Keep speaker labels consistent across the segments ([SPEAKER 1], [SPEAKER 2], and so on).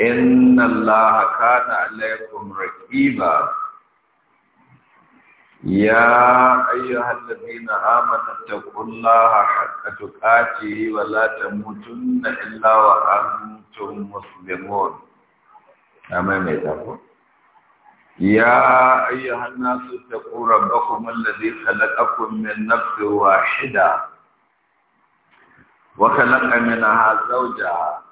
[SPEAKER 1] inna Allah kana alaikum raqiba ya ayyuhal ladina amanu taqullaha haqqa tuqatihi wa la tamutunna illa wa antum muslimun amma mai tafi ya ayyuhan nasu taqur rabbakum alladhi khalaqakum min nafsin wahida wa khalaqa minha zawjaha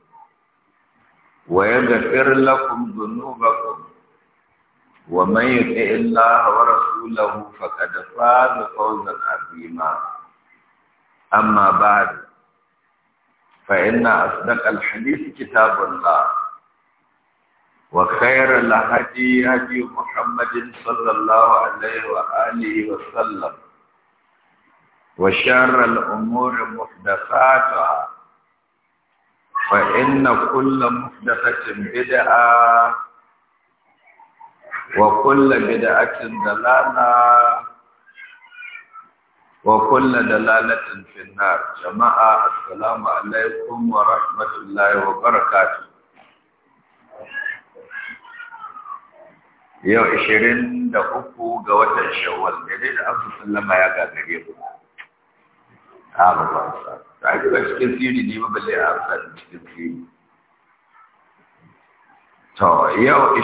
[SPEAKER 1] ويغفر لكم ذنوبكم ومن يطع الله ورسوله فقد فاز فوزا عظيما اما بعد فان اصدق الحديث كتاب الله
[SPEAKER 2] وخير الهدي
[SPEAKER 1] هدي محمد صلى الله عليه واله وسلم
[SPEAKER 2] وشر
[SPEAKER 1] الامور محدثاتها
[SPEAKER 2] فإن
[SPEAKER 1] كل محدثة بدعة
[SPEAKER 2] وكل بدعة
[SPEAKER 1] دلالة وكل دلالة في النار جماعة السلام عليكم ورحمة الله وبركاته يا إشرين da uku الشوال جديد أبو da يا da aka sallama ya ta ba ba cikin sirri ne ba balle a amsa cikin sirri
[SPEAKER 2] to yau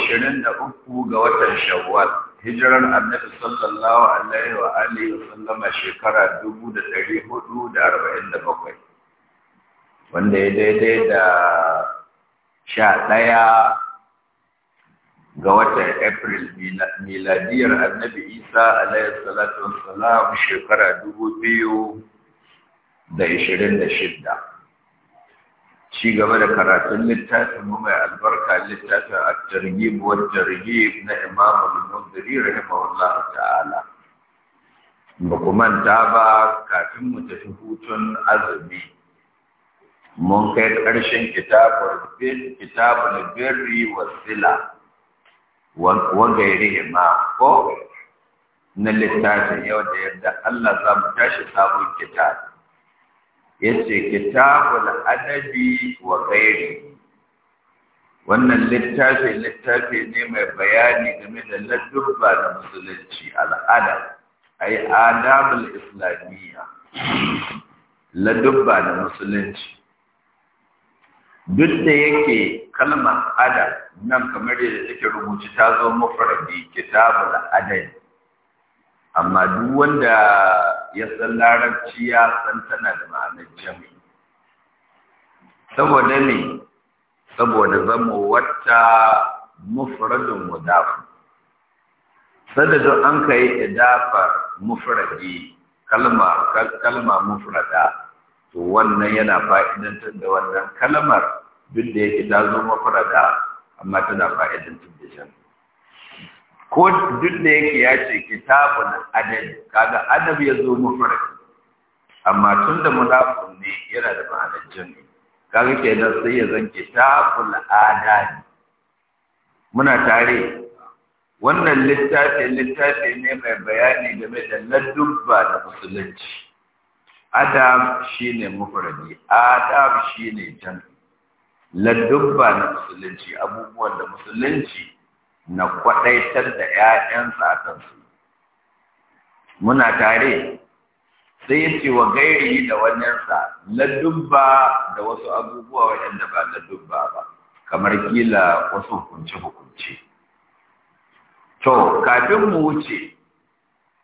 [SPEAKER 1] uku ga watan shawwal hijirar annabi sallallahu alaihi wa alihi wa sallama shekara bakwai. wanda ya daidai da daya ga watan April miladiyar annabi Isa alaihi salatu salam shekara dubu biyu. da ishirin da shidda ci gaba da karatun littafin mu mai albarka littafin a jirgin wa targhib na Imam al-Mundhiri rahimahullah ta'ala ba ku manta ba kafin mu tafi hutun azumi mun kai ƙarshen kitabun bir birri wa sila wa Gairi, ma ko
[SPEAKER 2] na littafin
[SPEAKER 1] yau da yadda Allah za mu tashi sabon kitab yace kitabul adabi wa ghairi wannan littafi littafi ne mai bayani game da ladurba da musulunci al'ada ay adabul islamiyya ladurba da musulunci duk da yake kalmar adab nan kamar yadda take rubuci ta zo mufaradi kitabul adabi amma duk wanda ya san larabci ya san tana da ma'anar jami saboda ne
[SPEAKER 2] saboda zama
[SPEAKER 1] wata mufradun mudafu
[SPEAKER 2] sada don an kai
[SPEAKER 1] idafar mufradi kalma kalma mufrada to wannan yana fa'idantar da wannan kalmar duk da yake ta zo mufrada amma tana fa'idantar da jami ko duk da yake ya ce kitabun adabi kaga adabi ya zo mufarad amma tun da mudafun ne yana da ma'anar Jami, kaga da sai ya zan kitabul adadi muna tare wannan littafi littafi ne mai bayani game da ladubba da musulunci adab shine mufradi adab shine jami'i ladubba na musulunci abubuwan da musulunci na kwaɗaitar da ‘ya'yansa a kansu. Muna tare, sai ya ce wa gairi da na ladubba da wasu abubuwa waɗanda ba ladubba ba, kamar kila wasu hukunce-hukunce. To, kafin mu wuce,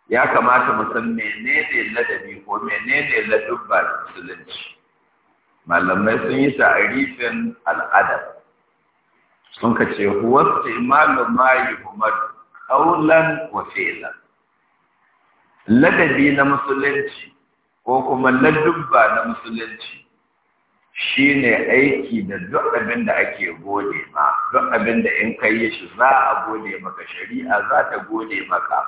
[SPEAKER 1] ya kamata mu san menene ladabi ko menene ladubba da musulunci. Malamai sun yi ta'arifin al'adar. sun ka ce huwa istimalu ma yuhmadu qawlan wa ladabi na musulunci ko kuma ladubba na musulunci shine aiki da duk abin da ake gode ma duk abin da in kai yi shi za a gode maka shari'a za ta gode maka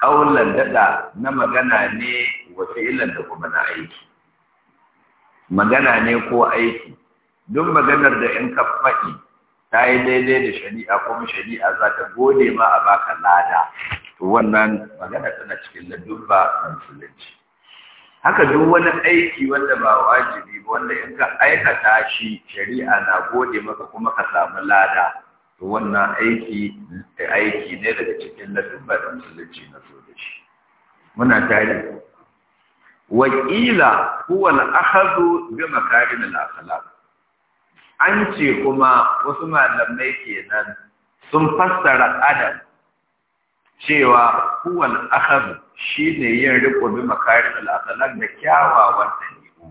[SPEAKER 1] ƙaunan dada na magana ne wa da kuma na aiki magana ne ko aiki duk maganar da in ka faɗi ta yi daidai da shari'a kuma shari'a za ta gode ma a baka lada to wannan magana tana cikin ladubba na musulunci haka duk wani aiki wanda ba wajibi ba wanda in ka aikata shi shari'a na gode maka kuma ka samu lada to wannan aiki aiki ne daga cikin ladubba na musulunci na so da shi
[SPEAKER 2] muna tare wakila
[SPEAKER 1] huwa al-akhadhu bi makarimil akhlaq an ce kuma wasu malamai kenan sun fassara adam cewa huwal shi shine yin riko bi makarin al'akalan da kyawawan dabi'u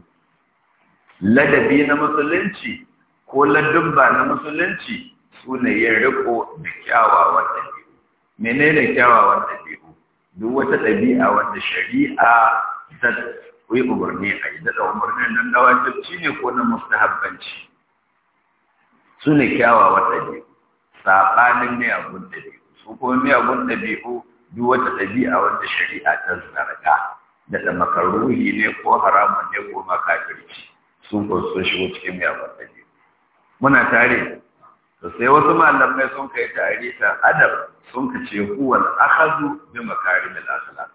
[SPEAKER 1] ladabi na musulunci ko ladabba na musulunci sune yin riko da kyawawan dabi'u menene kyawawan dabi'u duk wata ɗabi'a wanda shari'a ta yi umarni a yi da umarnin nan na ci ne ko na mustahabbanci su ne kyawawan ɗabi'u saɓanin miyagun ɗabi'u su kuma miyagun ɗabi'u duk wata ɗabi'a wanda shari'a ta zarga daga makaruhi ne ko haramun ne ko makafirci sun ko sun shigo cikin miyagun ɗabi'u muna tare to sai wasu malamai sun kai ta adab sun ka ce huwal akhadhu bi makarimil akhlaq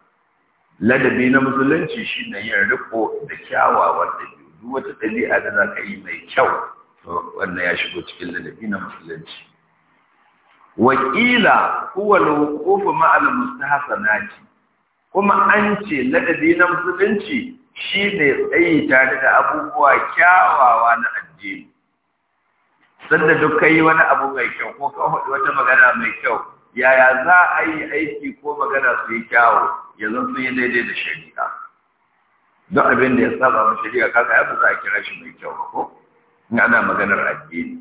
[SPEAKER 2] ladabi na musulunci
[SPEAKER 1] shine yin riko da kyawawan ɗabi'u duk wata ɗabi'a da za ka yi mai kyau wannan ya shigo cikin ladabi na musulunci wakila kuwa lokofa wuquf ma'a al kuma an ce ladabi na musulunci shi ne tsayi tare da abubuwa kyawawa na addini sanda duk kai wani abu mai kyau ko ka faɗi wata magana mai kyau yaya za a yi aiki ko magana su yi ya yanzu sun yi daidai da shari'a
[SPEAKER 2] don abin da ya
[SPEAKER 1] saba ma shari'a kaga ya fi za a kira shi mai kyau ba ko in ana maganar addini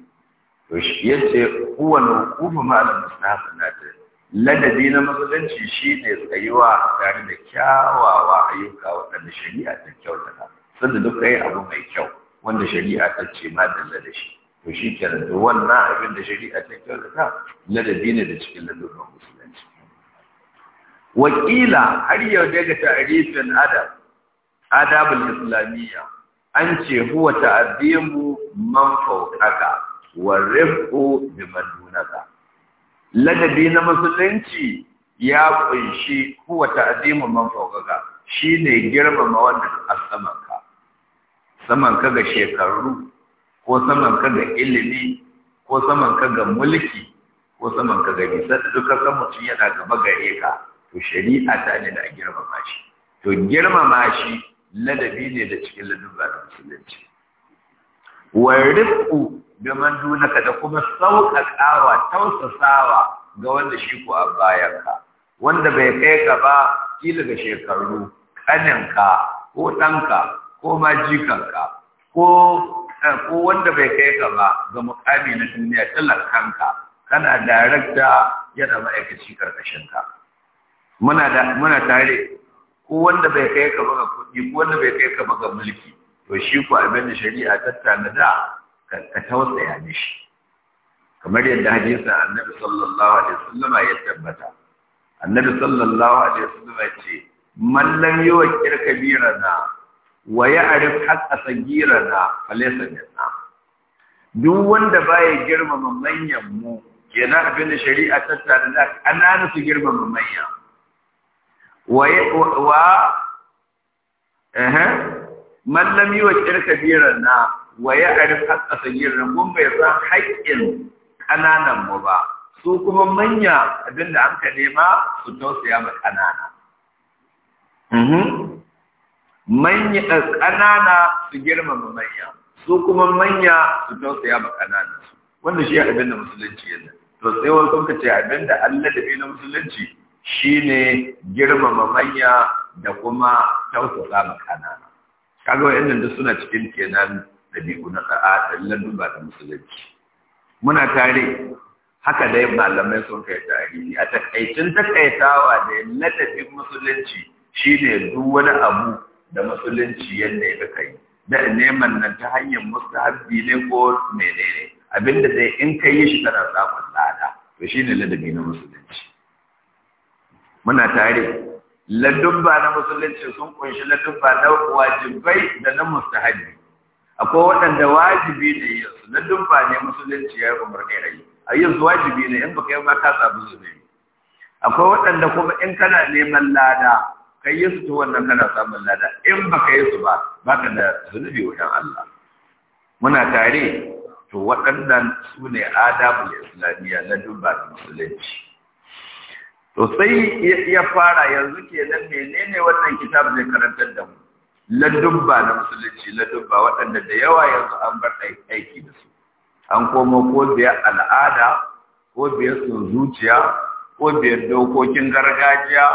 [SPEAKER 1] to shi yace huwa nuqufu ma al ladabi na musulunci shine tsayuwa tare da kyawawa ayyuka waɗanda shari'a ta kyautata sanda duk kai abu mai kyau wanda shari'a ta ce ma da shi to shi kenan to wannan abin da shari'a ta kyautata ladabi ne da cikin ladabin musulunci wakila har yau daga ta'rifin adab adabul islamiyya an ce huwa ta'zimu man fawqaka wa rifqu biman dunaka
[SPEAKER 2] ladabi na
[SPEAKER 1] musulunci ya kunshi huwa ta'zimu man fawqaka shine girmama wanda a samanka ka ga shekaru ko saman ka ga ilimi ko saman ka ga mulki ko saman ka ga bisa duka san mutum yana gaba gare ka to shari'a ta ne da girmama shi to girmama shi ladabi ne da cikin ladabba na musulunci wa ku da mandunaka da kuma sauƙaƙawa tausasawa ga wanda shi ku a bayanka wanda bai kai ka ba kila ga shekaru ƙaninka ko ɗanka ko majikanka, ko eh, ko wanda bai kai ka ba ga mukami na duniya talakanka kana darakta yana ma'aikaci karkashinka muna tare ko wanda bai kai ka ba ga kuɗi ko wanda bai kai ka ba ga mulki to shi ko abin da shari'a ta da ka tausaya mishi
[SPEAKER 2] kamar yadda hadisin
[SPEAKER 1] annabi sallallahu alaihi wasallama ya tabbata annabi sallallahu alaihi wasallama ce man lam yuwakkir kabirana wa ya'rif haqqa sagirana falaysa minna duk wanda baya girmama manyan mu kenan abin da shari'a ta da ana su girmama manyan waye wa man lam yuqir kabiran na wa ya'rif haqqa sayyirin mun bai san haƙƙin ƙananan mu ba su kuma manya abin da an ka nema su tausaya ma ƙanana manya eh, ƙanana su girma ma manya su kuma manya su tausaya ma ƙanana wanda shi abin da musulunci yana to sai wani kuka ce abin da Allah da na musulunci shine girmama manya da kuma tausasa ma kanana kaga wayannan da suna cikin kenan da biyu na da'a lallan ba da musulunci
[SPEAKER 2] muna tare haka dai malamai sun
[SPEAKER 1] kai tarihi a takaicin takaitawa da ladabin musulunci shine duk wani abu da musulunci yadda ya kai da neman nan ta hanyar mustahabbi ne ko menene abinda zai in kai shi kana samun lada to shine ladabi na musulunci muna tare ladubba na musulunci sun kunshi ladubba na wajibai da na mustahabi akwai waɗanda wajibi ne yin su ladubba ne musulunci ya umarni a yi a yin su wajibi ne in baka kai ma ka samu ne. akwai waɗanda kuma in kana neman lada ka yi su ta wannan kana samun lada in baka yi su ba baka da zunubi wajen Allah muna tare to waɗannan su ne adabul islamiyya ladubba na musulunci to sai ya fara yanzu kenan menene wannan kitab zai karantar da mu ladubba na musulunci ladubba waɗanda da yawa yanzu an bar aiki da su an komo ko biyar al'ada ko biya sun zuciya ko biya dokokin gargajiya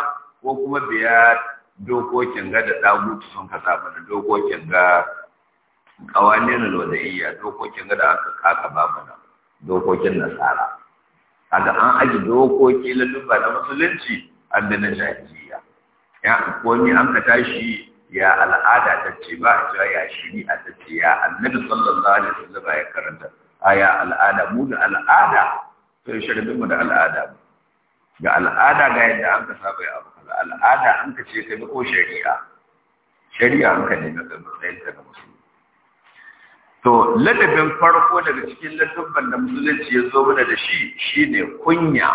[SPEAKER 1] ko kuma biya dokokin ga da ɗagutu sun kasa mana dokokin ga ƙawanin lodayya dokokin ga da aka kaka ba mana dokokin nasara kaga an aji dokoki duba na musulunci an da na jahiliya ya komi an ka tashi ya al'ada ta ce ba a cewa ya a ta ce ya annabi sallallahu alaihi wasallam ya karanta a ya al'ada mu da al'ada to ya mu da al'ada ga al'ada ga yadda an ka saba ya abu al'ada an ka ce sai ko shari'a shari'a an ka ne ga matsayin ka na musulunci
[SPEAKER 2] to ladabin
[SPEAKER 1] farko daga cikin ladabban da musulunci ya zo mana da shi shi ne kunya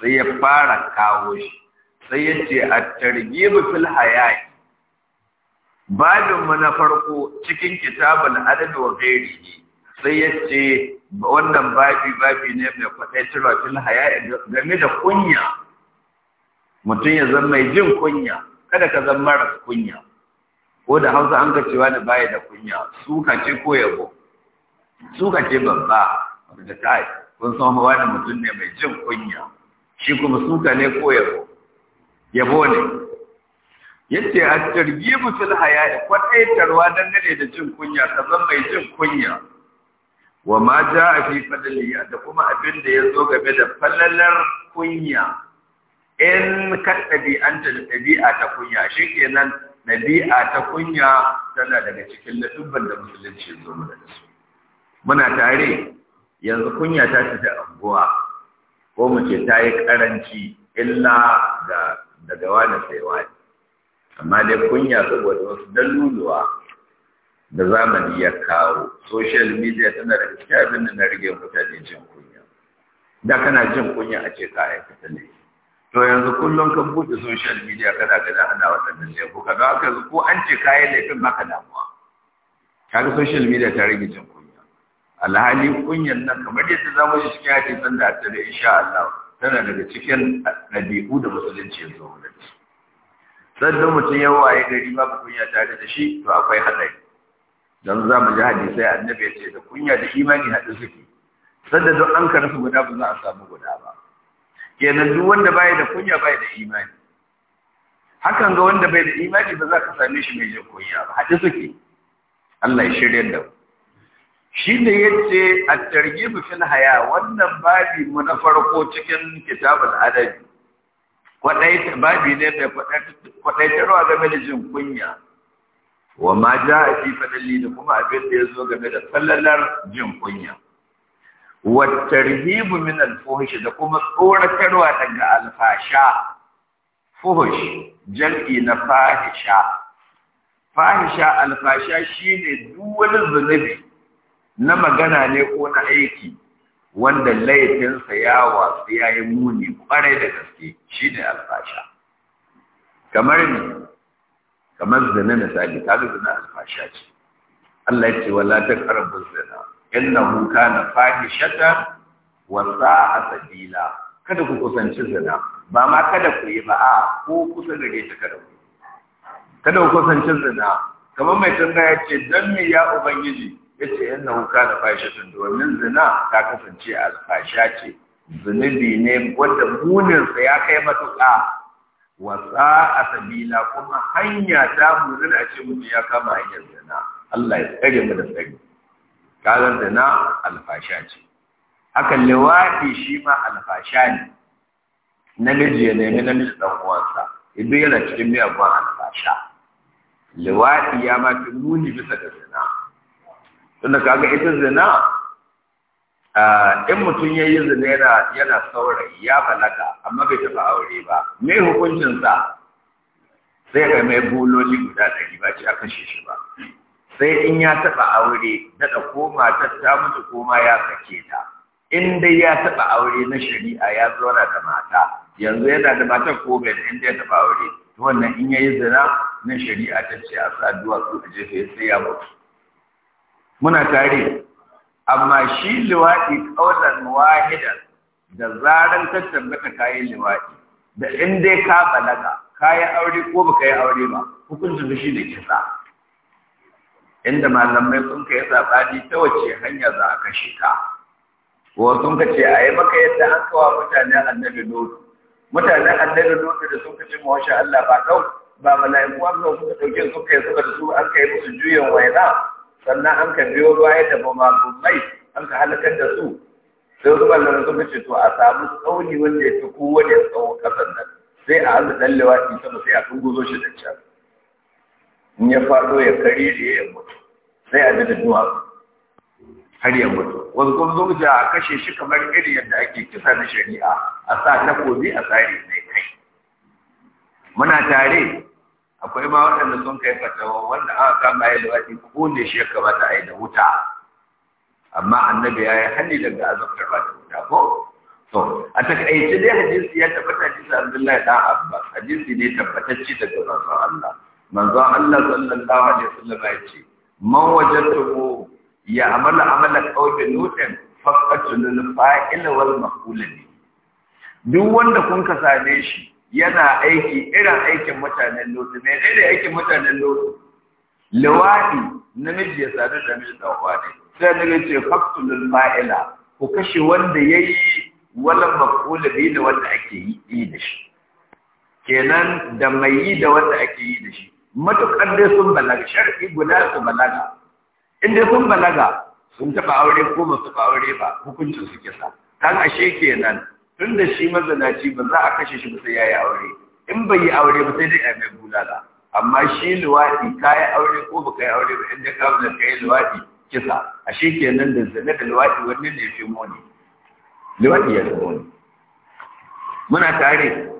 [SPEAKER 1] sai ya fara kawo shi sai ya ce a targibu fil hayayi babinmu na farko cikin kitabin adab wa sai ya ce wannan babi babi ne mai kwatantarwa fil hayayi game da kunya mutum ya zama mai jin kunya kada ka zama mara kunya ko da hausa an ka cewa da baya da kunya suka ce ko yabo suka ce babba da kai kun san hawa da mutum ne mai jin kunya shi kuma suka ne ko yabo yabo ne yace a targibu fil haya'i kwadaitarwa dangane da jin kunya ka zan mai jin kunya wa ma jaa fi fadliya da kuma abin da ya zo game da fallalar kunya in ka ɗabi'anta da ɗabi'a ta kunya shi kenan ɗabi'a ta kunya tana daga cikin ladubban da musulunci ya zo da su
[SPEAKER 2] muna tare
[SPEAKER 1] yanzu kunya ta fita anguwa ko mu ce ta yi ƙaranci illa da daga da sai wani amma dai kunya saboda wasu daluluwa da zamani ya kawo social media tana da cikin abin da na rage mutane jin kunya da kana jin kunya a ce ka aikata ne to yanzu kullum kan buɗe social media kada kada ana waɗannan ko don haka yanzu ko an ce kayan laifin maka damuwa kaga social media ta rage jin kunya alhali kunyan nan kamar yadda za mu cikin hadisan da ta da insha Allah tana daga cikin dabi'u da musulunci ya zo da mutum ya waye gari ba kunya tare da shi to akwai haɗari
[SPEAKER 2] don za mu ji hadisai annabi
[SPEAKER 1] ya ce da kunya da imani haɗu suke sanda don an ka guda ba za a samu guda ba kenan duk wanda baya da kunya baya da imani hakan ga wanda bai da imani ba za ka same shi mai jin kunya ba haɗe suke Allah ya shirya da shi ne yadda a targibu fil haya wannan babi mu na farko cikin kitabul adabi kwadai babi ne mai kwadaitarwa game da jin kunya wa ma jaa fi fadli da kuma abin da ya zo game da sallalar jin kunya
[SPEAKER 2] wattarhibu
[SPEAKER 1] min al da kuma tsoratarwa daga alfasha, fuhush, fuhsh jam'i na fahisha fahisha alfasha shi shine duk wani zunubi na magana ne ko na aiki wanda laifinsa ya wasu ya yi muni kwarai da gaske shi ne alfasha. kamar ne kamar zina misali kaga zina ce Allah ya ce wala taqrabu zina innahu kana fahishatan wa sa'a sabila kada ku kusanci zina ba ma kada ku yi ba a ko kusa da ta kada ku
[SPEAKER 2] kada ku kusanci zina
[SPEAKER 1] kamar mai ya ce dan me ya ubangiji yace innahu kana fahishatan domin zina ta kasance alfasha ce zunubi ne wanda muninsa ya kai matuƙa wasa a sabila kuma hanya ta munin a ce mutum ya kama hanyar zina Allah ya tsare mu da tsari kagan da na alfasha ce
[SPEAKER 2] Haka liwaɗi
[SPEAKER 1] shi ma alfasha ne
[SPEAKER 2] namiji ya nemi namiji
[SPEAKER 1] ɗan uwansa idan yana cikin miyagun alfasha liwaɗi ya ma fi muni bisa da zina tunda kaga ita zina in mutum ya yi zina yana yana saurayi ya balaga amma bai tafi aure ba me hukuncinsa sai ka mai buloli guda ɗari ba ce a kashe shi ba
[SPEAKER 2] sai in ya
[SPEAKER 1] taɓa aure na ɗauko matar ta mutu koma ya sake ta in dai ya taɓa aure na shari'a ya zauna da mata yanzu yana da matar ko bai in dai ya taɓa aure to wannan in yayi zina na shari'a ta ce a sa duwatsu a jefe sai ya mutu muna tare amma shi liwaɗi ƙaunar wahida da zaran ta ka kayan liwaɗi da in dai ka balaga ka yi aure ko baka yi aure ba hukuncin shi da kisa inda malamai sun kai saɓani ta wace hanya za a kashe ka ko sun ka ce a yi maka yadda an kawo mutanen annabi nuhu
[SPEAKER 2] mutanen annabi
[SPEAKER 1] nuhu da sun kace mawasha Allah ba kau ba mala'iku an zo suka dauke su kai suka su an kai musu juyin waina sannan an ka biyo baya da bamagumai an ka halakar da su sai wasu su sun ce to a samu tsauni wanda ya fi kowane tsawon kasan nan sai a hanzu ɗan lewaɗi sama sai a tunguzo shi da can
[SPEAKER 2] in ya faɗo
[SPEAKER 1] ya kari da ya mutu sai a da duwatsu har ya mutu wasu kuma zo a kashe shi kamar irin yadda ake kisa na shari'a a sa takobi a tsari mai kai muna tare akwai ma waɗanda sun kai fatawa wanda aka kama ya lawati ko ne shi ya kamata a yi da wuta amma annabi ya yi hannu daga azabtar ba da wuta ko to a takaice dai hadisi ya tabbata hadisi Abdullahi dan Abbas hadisi ne tabbatacci daga manzon Allah manzo Allah sallallahu alaihi wasallam ya ce man wajadtuhu ya amala amala qawmi nutin faqatulul fa'il wal maf'ul duk wanda kun ka same shi yana aiki irin aikin mutanen ne da aikin mutanen lotu
[SPEAKER 2] lawadi
[SPEAKER 1] namiji ya sadu da miji da wani sai ne ce faqatulul fa'ila ku kashe wanda yayi wala maf'ul bi da wanda ake yi da shi kenan da mai yi da wanda ake yi da shi matuƙar dai sun balaga sharfi guda su balaga in dai sun balaga sun taɓa aure ko ba su aure ba hukuncin su kisa kan ashe kenan tun da shi mazanaci ba za a kashe shi ba sai ya yi aure in bai yi aure ba sai dai a mai bulala amma shi luwaɗi ka yi aure ko ba ka yi aure ba in dai ka ka yi luwaɗi kisa ashe kenan da zane da luwaɗi wani ne fi moni luwaɗi ya fi moni muna tare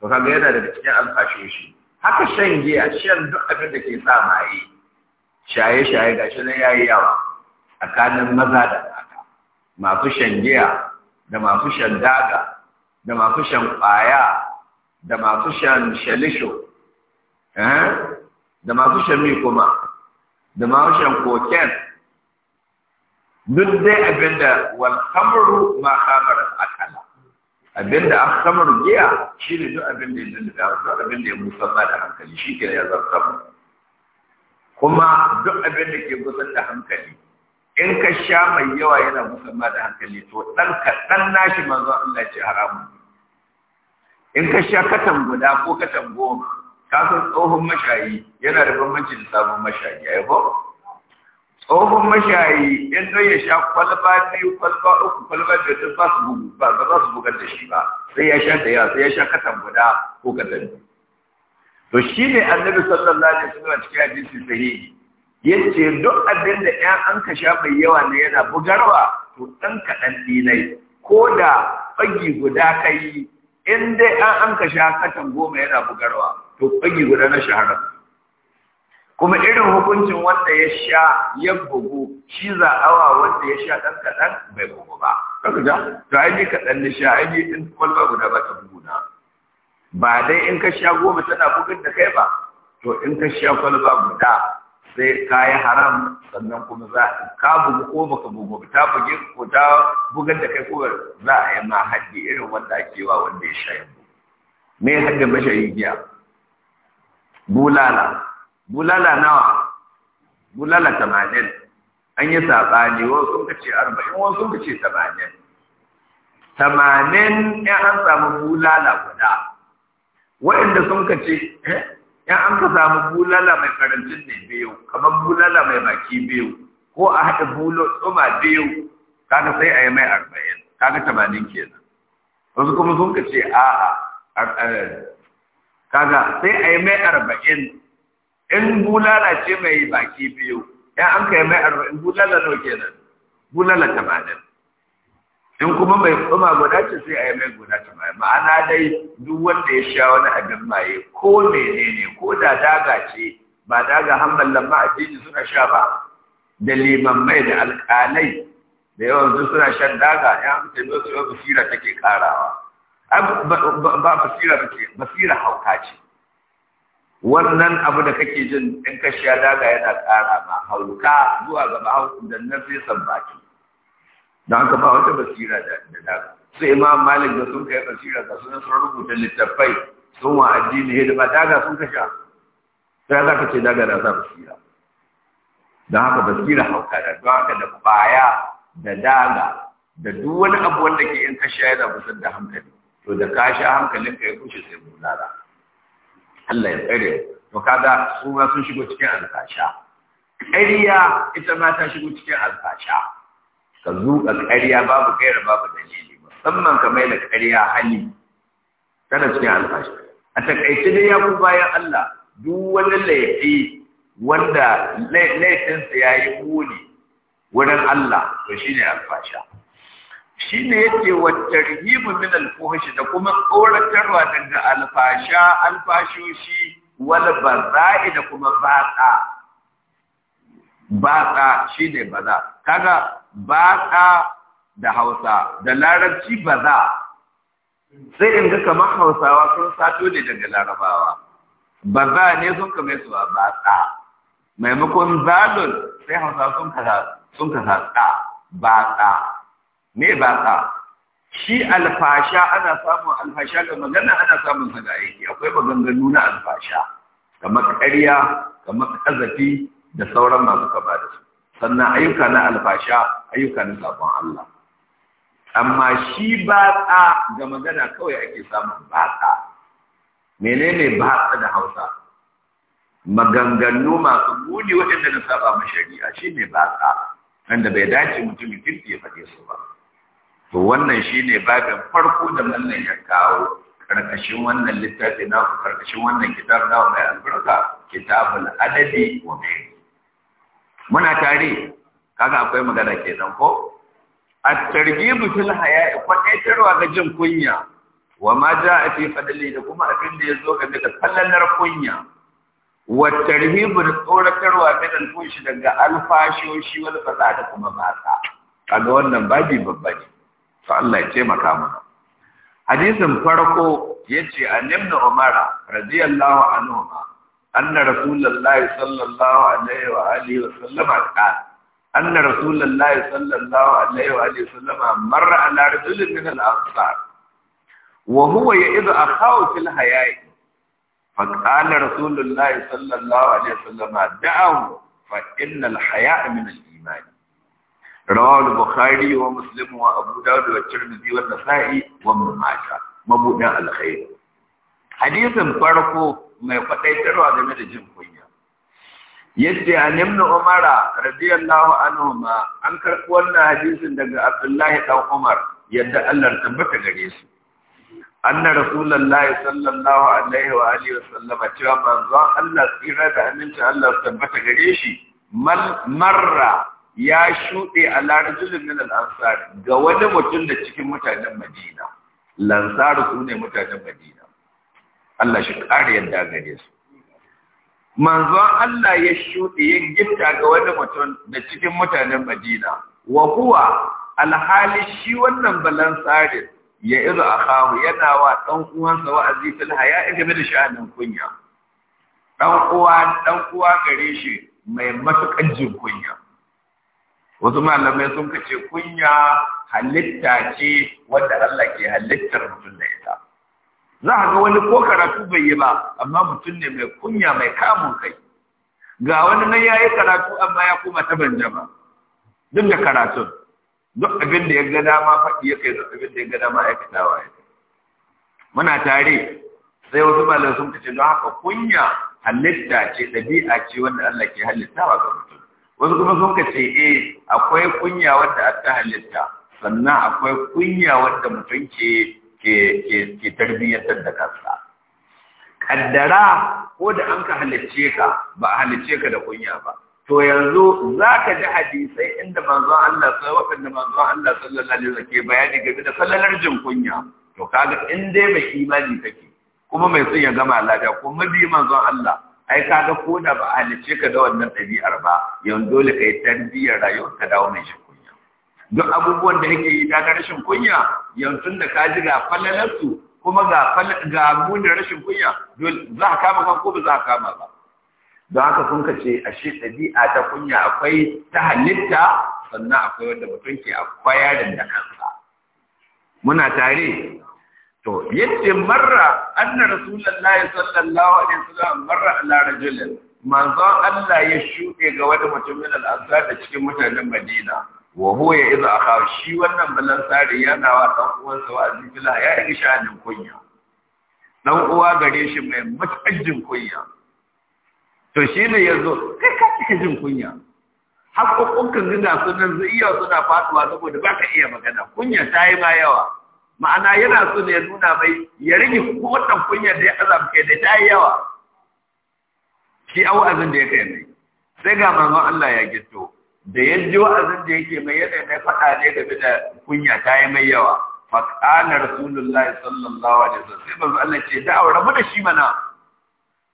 [SPEAKER 1] to kaga yana daga cikin alfashoshi haka shan giya shan duk abin da ke sa maye shaye-shaye ga shi na yayi yawa tsakanin maza da mata masu shan giya da masu shan daga da masu shan kwaya da masu shan shalisho eh? da masu shan mi kuma da masu shan koken duk dai abin da walhamuru ma hamar akala abinda aka samar giya shi ne duk abinda ya lalata abin abinda ya ba da hankali shi ke ya zarta kuma duk abinda ke gusar da hankali in ka sha mai yawa yana ba da hankali to ɗan kaɗan nashi manzon Allah ce haramu
[SPEAKER 2] in ka sha katan
[SPEAKER 1] guda ko katan goma ka tsohon mashayi yana da bambanci da sabon mashayi yi ba tsohon mashayi in zai ya sha kwalba biyu kwalba uku kwalba biyu ba su bugu ba za su bugar da shi ba sai ya sha da yawa sai ya sha katan guda ko katan to shi ne annabi sallallahu alaihi wasallam cikin hadisi sahihi yace duk abin da ɗan an ka sha mai yawa ne yana bugarwa to ɗan kaɗan dinai ko da fagi guda kai in dai an an ka sha katan goma yana bugarwa to fagi guda na shaharar. kuma irin hukuncin wanda ya sha ya bugu shi za awa wanda ya sha ɗan kaɗan bai bugu ba kaka ja to ai ni kaɗan na sha ai ni ɗin kwalba guda ba ta bugu na ba dai in ka sha goma tana bugun da kai ba to in ka sha kwalba guda sai ka yi haram sannan kuma za ka bugu ko baka bugu ta bugi ko ta bugun da kai ko za a yi ma haddi irin wanda ake wa wanda ya sha ya bugu
[SPEAKER 2] me haddin mashayi
[SPEAKER 1] giya bulala bulala nawa bulala tamanin an yi saɓani wa sun kace arba'in wa sun kace tamanin tamanin ya an samu bulala guda waɗanda sun kace ya eh, an ka samu bulala mai karancin ne biyu kamar bulala mai baki biyu ko a haɗa bulo tsoma biyu kaga sai a yi mai arba'in kaga tamanin kenan wasu kuma sun kace a'a kaga sai a yi mai arba'in in bulala ce mai baki biyu ya an kai mai arba'in bulala nawa kenan bulala tamanin in kuma mai kuma guda ce sai a yi mai guda tamanin ma'ana dai duk wanda ya sha wani abin maye ko menene ko da daga ce ba daga hamman lamma addini suna sha ba da liman mai da alƙalai da yawan su suna shan daga ya an kai su yau basira take karawa ba basira basira hauka ce wannan abu da kake jin in ka ya daga yana ƙara ma hauka zuwa ga mahaukin da na sai san baki don haka ba wata basira da daga su imam malik da sun kai basira ga sunan sun rubuta littattafai sun wa addini ba daga sun kasha sai za ka ce daga na sa basira don haka basira hauka da don haka da baya da daga da duk wani abu wanda ke in ka ya yana kusa da hankali to da ka sha hankalinka ya kushe sai bulala Allah ya tsare to kaga su ma sun shigo cikin alfasha ƙarya ita ma ta shigo cikin alfasha ka zuƙa ƙarya babu gaira babu dalili musamman ka mai da ƙarya hali tana cikin alfasha a takaice dai ya fi bayan Allah duk wani laifi wanda laifinsa ya yi muni wurin Allah to shine alfasha shi ne yake wata tarhibu min alfahashi da kuma tsoratarwa daga alfasha alfashoshi wal barra'i da kuma batsa batsa ne baza kaga batsa da Hausa da Larabci baza
[SPEAKER 2] sai in ga kamar
[SPEAKER 1] Hausawa sun sato ne daga Larabawa baza ne sun kame su batsa maimakon zalun sai Hausawa sun kasa sun kasa me ba ka shi alfasha ana samun alfasha ga magana ana samun ta aiki akwai maganganu na alfasha kamar ƙarya kamar ƙazafi da sauran masu kama da su sannan ayyuka na alfasha ayyuka na sabon Allah amma shi batsa ga magana kawai ake samun batsa
[SPEAKER 2] menene batsa
[SPEAKER 1] da Hausa maganganu masu wajen waɗanda na saba mashari'a shi ne batsa wanda bai dace mutum mutumin kirki ya faɗe su ba to wannan shine babin farko da mallan ya kawo karkashin wannan littafi na ku karkashin wannan kitab na mai albarka kitabul adadi wa bayani muna tare kaga akwai magana ke kenan ko at-targhibu fil haya'i tarwa ga jin kunya wa ma ja'a fi fadli da kuma abin da yazo ga daga kallalar kunya wa tarhibu da tsoratarwa ga dan kunshi daga alfashoshi wal fasada da kuma ka kaga wannan babi babba Fa Allah ya taimaka mana hadisin farko yace annabna Umar, radiyallahu anhu anna rasulullahi sallallahu alaihi wa alihi wa sallama qala anna rasulullahi sallallahu alaihi wa alihi wa sallama marra ala rajulin min al-ansar wa huwa ya'idhu akhahu fil haya'i فقال رسول الله صلى الله عليه وسلم دعوا فإن الحياء من الإيمان
[SPEAKER 2] رواه البخاري
[SPEAKER 1] ومسلم وابو داود والترمذي والنسائي وابن ماجه مبودا الخير hadisin farko mai faɗaitarwa game da jin kunya yace an ibn umara radiyallahu anhu ma an karɓi wannan hadisin daga abdullahi dan umar yadda Allah tabbata gare su anna rasulullahi sallallahu alaihi wa alihi wasallam cewa manzon Allah tsira da aminci Allah tabbata gare shi marra ya shuɗe a larajulun nan al'ansar ga wani mutum da cikin mutanen Madina.
[SPEAKER 2] Lansar su ne
[SPEAKER 1] mutanen Madina. Allah shi ƙari yadda gare su. Manzon Allah ya shuɗe yin gifta ga wani mutum da cikin mutanen Madina. Wa kuwa alhali shi wannan balansarin ya izo a kawo yana wa ɗan uwansa wa'azi azifin haya game da sha'anin kunya. Ɗan uwa gare shi mai matuƙar jin kunya. wasu malamai sun kace kunya halitta ce wanda Allah ke halittar mutum da ita za a ga wani ko karatu bai yi ba amma mutum ne mai kunya mai kamun kai ga wani nan ya yi karatu amma ya kuma ta ban jama. duk da karatun duk abin da ya ga dama faɗi ya kai duk abin da ya ga dama ya fitawa ya muna tare sai wasu malamai sun kace don haka kunya halitta ce ɗabi'a ce wanda Allah ke halittawa ga mutum wasu kuma sun ka ce eh akwai kunya wadda ta halitta sannan akwai kunya wadda mutum ke ke ke tarbiyyantar da kansa kaddara ko da an ka halicce ka ba a halicce ka da kunya ba to yanzu za ka ji hadisai inda manzon Allah sai waɗanda manzon Allah sallallahu alaihi wasallam ke bayani game da sallalar jin kunya to kaga in dai mai imani take, kuma mai son ya gama lada ko mabi manzon Allah ai kaga ko da ba a halice ka da wannan ɗabi'ar ba yanzu dole ka yi tarbiyyar rayuwar ka dawo mai shi kunya duk abubuwan da yake yi daga rashin kunya yanzu da ka ji ga fallalarsu kuma ga ga munin rashin kunya dole za a kama kan ko ba za a kama ba don haka sun ka ce ashe ɗabi'a ta kunya akwai ta halitta sannan akwai wanda mutum ke akwai yaron da kansa muna tare to yace marra anna rasulullahi sallallahu alaihi wasallam marra ala rajulin manzo Allah ya shuke ga wani mutumin al'ansar da cikin mutanen Madina wa huwa ya iza akha shi wannan balansari yana wa dan uwansa wa azifila ya yi shanin kunya dan uwa gare shi mai matsajin kunya to ya yazo kai ka cika jin kunya hakokokin gina sunan zai iya suna faduwa saboda baka iya magana kunya ta yi ma yawa ma'ana yana so ne ya nuna mai ya rage ko wannan kunyar da ya azab kai da ta yi yawa shi a wa'azin da ya kai mai sai ga manzon Allah ya gito da ya ji wa'azin da yake mai yana mai faɗa ne game da kunya ta yi mai yawa fa kana rasulullahi sallallahu alaihi wasallam sai manzon Allah ce da'awa rabu da shi mana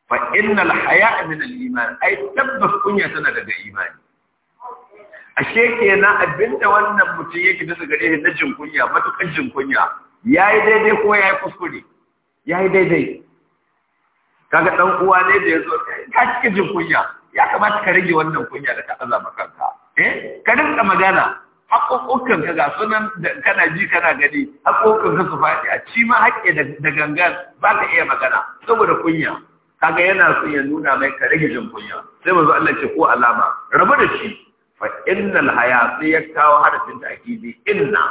[SPEAKER 1] fa innal haya'a min al-iman ai tabbas kunya tana daga imani
[SPEAKER 2] ashe kenan
[SPEAKER 1] abinda wannan mutum yake da gare shi na jin kunya matukan jin kunya
[SPEAKER 2] yayi daidai
[SPEAKER 1] ko yayi kuskure yayi daidai kaga dan uwa ne da yazo ka cika jin kunya ya kamata ka rage wannan kunya da ka azama kanka eh ka rinka magana haƙoƙokan ka ga sunan da kana ji kana gani haƙoƙokan ka su faɗi a ci ma haƙƙe da gangan ba ka iya magana saboda kunya kaga yana so ya nuna mai ka rage jin kunya sai mazu Allah ce ko alama rabu da shi fa innal haya sai ya kawo harafin ta'kidi inna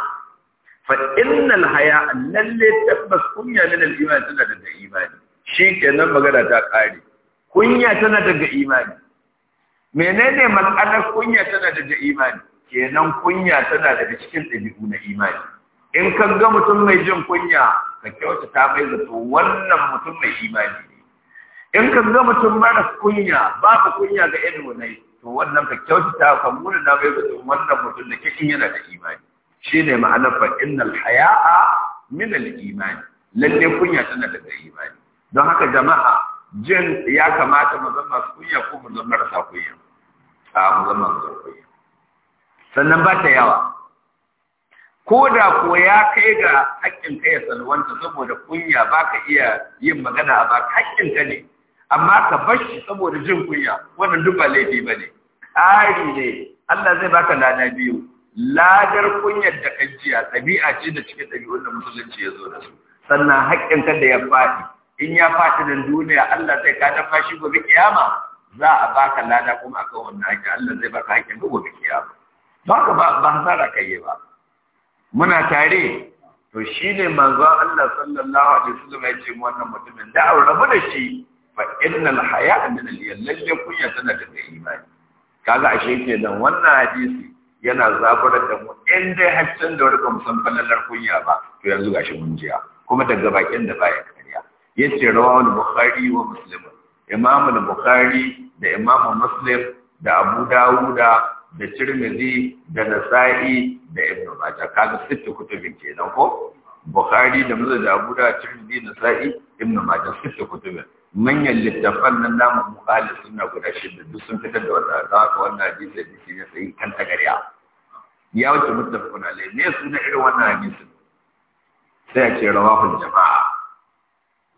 [SPEAKER 1] fa innal haya lalle tabbas kunya ne al imani tana daga imani shi kenan magana ta kare kunya tana daga imani menene matsalar kunya tana daga imani kenan kunya tana daga cikin ɗabi'u na imani in ka ga mutum mai jin kunya ka kyauta ta mai zato wannan mutum mai imani ne in ka ga mutum mara kunya babu kunya ga irin ne to wannan ka kyautata ka muna na bai mutum wannan mutum da kikin yana da imani Shi ne ma'anar fa innal haya'a min al imani lalle kunya tana daga imani don haka jama'a jin ya kamata mu zama kunya ko mu zama rasa kunya a mu zama rasa kunya sannan ba ta yawa ko da ko ya kai ga haƙƙin ka ya salwanta saboda kunya baka iya yin magana ba haƙƙin ka ne amma ka bashi saboda jin kunya wannan duk ba laifi bane tsari ne Allah zai baka lada biyu ladar kunyar da kajiya ɗabi'a ce da cike ɗabi'un da musulunci ya zo da su sannan haƙƙin ka da ya faɗi in ya faɗi da duniya Allah zai ka dafa shi gobe kiyama za a baka lada kuma a kan wannan haƙƙin Allah zai baka haƙƙin ka gobe kiyama ba ka ba ba hasara kai ba muna tare to shine manzon Allah sallallahu alaihi wasallam ya ce wannan mutumin da rabu da shi fa innal haya min al-yallal kunya tana da imani kaga ashe kenan wannan hadisi yana zaburar da mu inda haccin da wurin san falalar kunya ba to yanzu gashi mun jiya kuma daga bakin da baya kariya yace rawahu bukhari wa muslim imam bukhari da imam muslim da abu dawuda da tirmidhi da nasa'i da ibnu majah kaga sittu kutubin kenan ko bukhari da muslim da abu dawuda tirmidhi nasa'i ibnu majah sittu kutubin manyan littafan nan namu mu'ali suna guda shida duk sun fitar da wannan za ka wannan hadisi hadisi ne sai kan tagariya ya wuce mutafakun alai me suna irin wannan hadisi
[SPEAKER 2] sai a ce rawahul
[SPEAKER 1] jama'a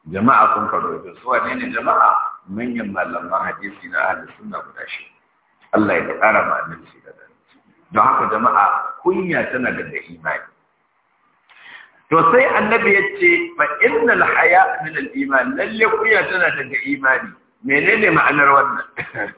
[SPEAKER 1] jama'a sun da su wane ne jama'a manyan malaman hadisi na ahli suna guda shida Allah ya ƙara ma annabi shi da don haka jama'a kunya tana da imani to sai annabi ya ce fa innal haya min al iman lalle kuya tana daga imani menene ma'anar wannan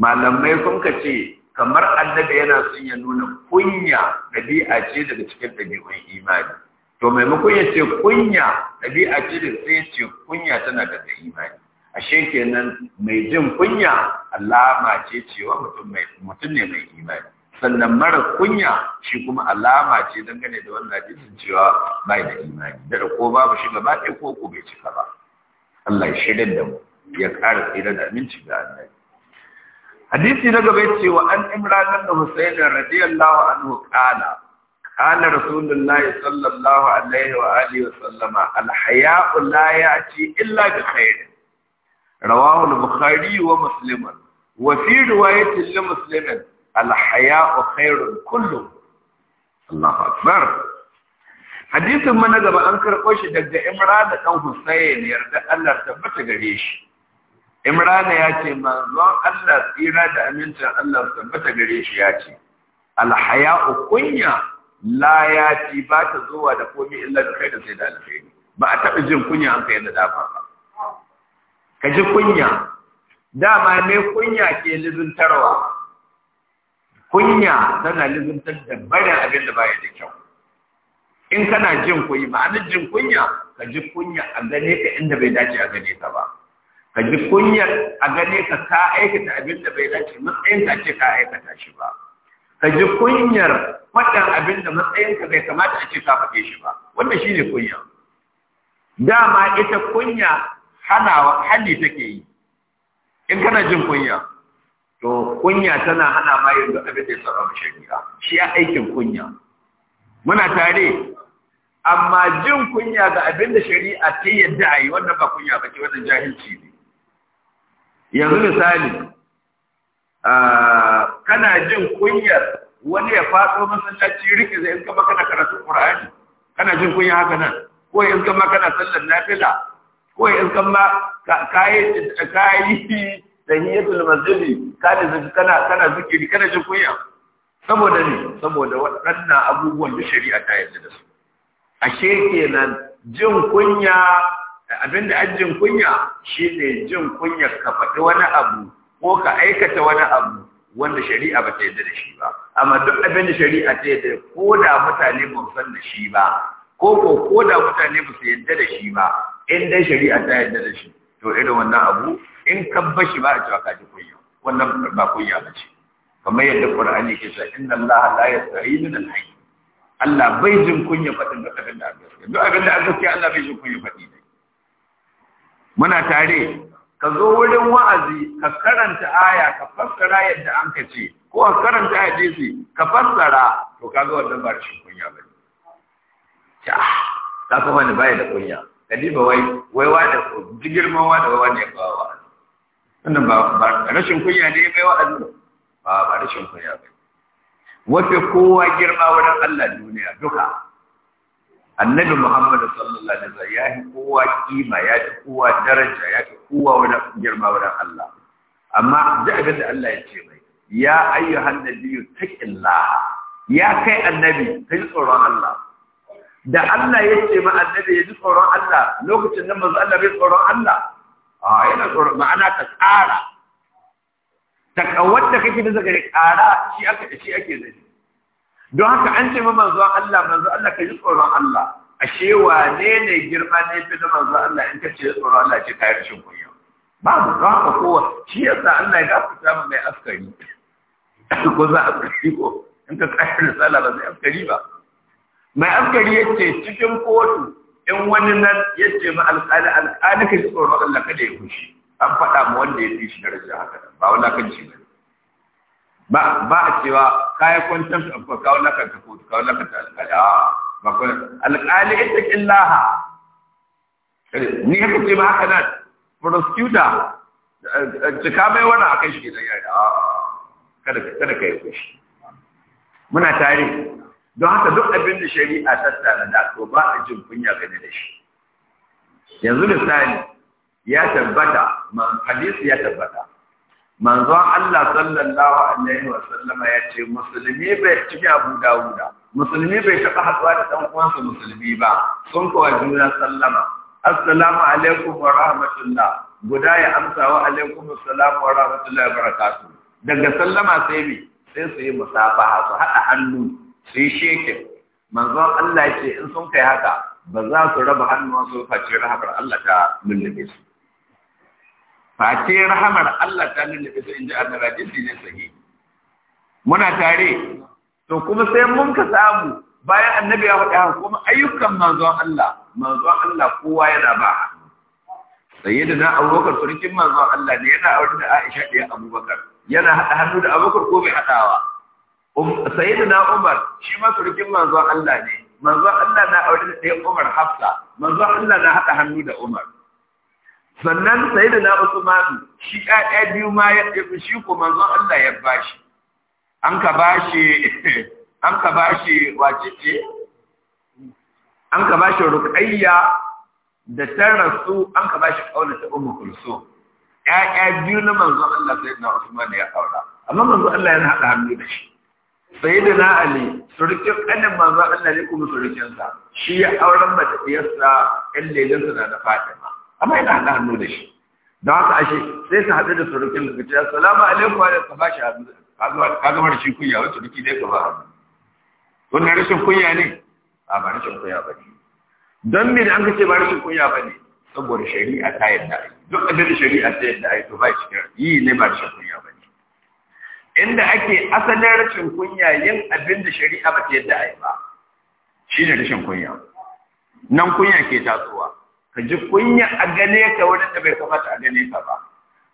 [SPEAKER 1] malamai kuka ce kamar annabi yana son ya nuna kunya ɗabi'a ce daga cikin ɗabi'un imani to maimakon ya ce kunya dabi'a ce da sai ce kunya tana daga imani ashe kenan mai jin kunya alama ce cewa mutum ne mai imani sannan mara kunya shi kuma alama ce dangane da wannan hadisin cewa bai da imani da ko babu shi gaba ɗaya ko ko bai cika ba Allah ya shirya da mu ya ƙara tsira da aminci ga Allah hadisi na gaba ce wa an imranan da husayn radiyallahu anhu qala qala rasulullahi sallallahu alaihi wa alihi wa sallama al haya'u la ya'ti illa bi khair rawahu al bukhari wa muslim wa fi riwayatin li alhaya'u khairun kullum Allahu akbar hadisin mana gaba an karɓo shi daga Imran ɗan Husayn yarda Allah tabbata gare shi Imran ya ce manzon Allah tsira da amincin Allah tabbata gare shi ya ce alhaya'u kunya la yati ba ta zuwa da komi illa da kai da sai da alheri ba a taɓa jin kunya an kai da dafa ba ka ji kunya dama mai kunya ke tarwa. kunya tana lizantar da barin abin da baya da kyau in kana jin kunya ma'anar jin kunya ka ji kunya a gane ka inda bai dace a gane ka ba ka ji kunya a gane ka ka aikata abin da bai dace matsayin ka ce ka aikata shi ba ka ji kunyar faɗin abin da matsayin ka bai kamata a ce ka faɗe shi ba wannan shine kunya dama ita kunya hana hali take yi in kana jin kunya to kunya tana hana ma yanzu abin da ya saba shari'a shi ya aikin kunya muna tare amma jin kunya ga abinda shari'a ta yadda a yi wannan ba kunya ba ke wannan jahilci ne yanzu misali kana jin kunyar wani ya faɗo masallaci riƙe zai ka ba na karatu ƙur'ani kana jin kunya haka nan ko in ka ma na sallar nafila ko in ka ma kayi tahiyatul masjidi kana zikiri kana kana zikiri kana jin kunya saboda ne saboda waɗannan abubuwan da shari'a ta yarda da su ashe kenan jin kunya abinda jin kunya shine jin kunya ka faɗi wani abu ko ka aikata wani abu wanda shari'a ba ta yarda da shi ba amma duk abin da shari'a ta yarda ko da mutane ba san da shi ba ko ko ko da mutane ba su yarda da shi ba in dai shari'a ta yarda da shi to irin wannan abu in ka shi ba a cewa ka ji kunya wannan ba kunya ba ce kamar yadda Qur'ani ke cewa inna allaha la yastahi min al-hayy Allah bai jin kunya faɗin da abin da aka duk abin da aka ce Allah bai jin kunya faɗi ne muna tare ka zo wurin wa'azi ka karanta aya ka fassara yadda an ka ce ko ka karanta hadisi ka fassara to ka ga wannan ba shi kunya ba ta ka kuma ne bai da kunya kadiba wai wai wa da girman wa da wani ya kawo
[SPEAKER 2] wannan ba rashin
[SPEAKER 1] kunya ne mai wa'azi ba ba rashin kunya
[SPEAKER 2] ba kowa
[SPEAKER 1] girma wurin Allah duniya duka annabi Muhammad sallallahu alaihi wasallam ya yi kowa kima ya fi kowa daraja ya fi kowa wurin girma wurin Allah amma da abin da Allah ya ce mai ya ayyuhan nabiyyu taqillah ya kai annabi kai tsoron Allah da Allah ya ce ma annabi ya ji tsoron Allah lokacin da manzo Allah bai tsoron Allah
[SPEAKER 2] a yana tsoron
[SPEAKER 1] ma'ana ka tsara ta kawar da kake da zaka kara shi aka shi ake zai
[SPEAKER 2] don haka an
[SPEAKER 1] ce ma manzo Allah manzo Allah ka ji tsoron Allah ashe wane ne girma ne fi da manzo Allah in ka ce tsoron Allah ce kayar yi kunya ba mu za ka kowa shi yasa Allah ya gafarta samun mai askari ko za a kashi ko in ka da risala ba zai askari ba mai askari yake cikin kotu in wani nan ya ce ma alƙali alƙali ka ji tsoron Allah kada ya kushi an faɗa ma wanda ya fi shi daraja haka ba wani kan ci ba ba ba a cewa kaya kwantar ka fa kawo laka ka kotu kawo laka ta alƙali a ba ko alƙali ita illaha
[SPEAKER 2] eh, ni haka ce ba haka nan
[SPEAKER 1] prosecutor eh, eh, cika mai wani a kai shi ya yi a kada ka yi kushi muna tare don haka duk abin da shari'a ta tana da to ba a jin kunya gane da shi
[SPEAKER 2] yanzu misali
[SPEAKER 1] ya tabbata man hadisi ya tabbata manzon Allah sallallahu alaihi wa sallama ya ce musulmi bai ciki Abu Dawuda musulmi bai taɓa hadwa da ɗan uwansa musulmi ba sun kawa juna sallama assalamu alaikum wa rahmatullah guda ya amsa wa alaikum assalam wa rahmatullah wa barakatuh daga sallama sai bi sai su yi musafaha su haɗa hannu su yi shekin manzon Allah ce in sun kai haka ba za su raba hannuwansu face rahamar Allah ta lullube su face rahamar Allah ta lullube su in ji annabi hadisi ne sahihi muna tare to kuma sai mun ka samu bayan annabi ya faɗa kuma ayyukan manzon Allah manzon Allah kowa yana ba
[SPEAKER 2] sayyidina Abubakar
[SPEAKER 1] surkin manzon Allah ne yana aure da Aisha ɗaya Abubakar yana haɗa hannu da Abubakar ko mai haɗawa. Um, sayyidina Umar shi ma surukin manzon Allah ne manzon Allah na aure da ɗaya Umar Hafsa manzon Allah na haɗa hannu da Umar sannan sayyidina Usman shi ƴaƴa biyu ma ya shi ko manzon Allah ya bashi an ka bashi an ka bashi wace ce an ka bashi Ruqayya da tarasu an ka bashi ta Ummu Kulsum ƴaƴa biyu na manzon Allah sayyidina Usman ya aura amma manzon Allah yana haɗa hannu da shi
[SPEAKER 2] na ali
[SPEAKER 1] surukin kanin manzo Allah ne kuma surukin sa shi ya auren matafiyarsa diyarsa ɗan lelinsa na da Fatima amma yana hada hannu da shi don haka ashe sai su haɗu da surukin da ta salamu alaikum wa ta ba shi hannu ka gama da shi kunya wacce duki dai ka ba hannu wannan rashin kunya ne a ba rashin kunya ba ne don me da an ka ce ba rashin kunya ba ne saboda shari'a ta yadda ai duk abin da shari'a ta yadda ai to ba shi yi ne ba rashin kunya ba inda ake asalin rashin kunya yin abin da shari'a ba ta yadda ai ba shi ne rashin kunya
[SPEAKER 2] nan kunya ke
[SPEAKER 1] tasowa ka ji kunya a gane ka wani da bai kamata a gane ka ba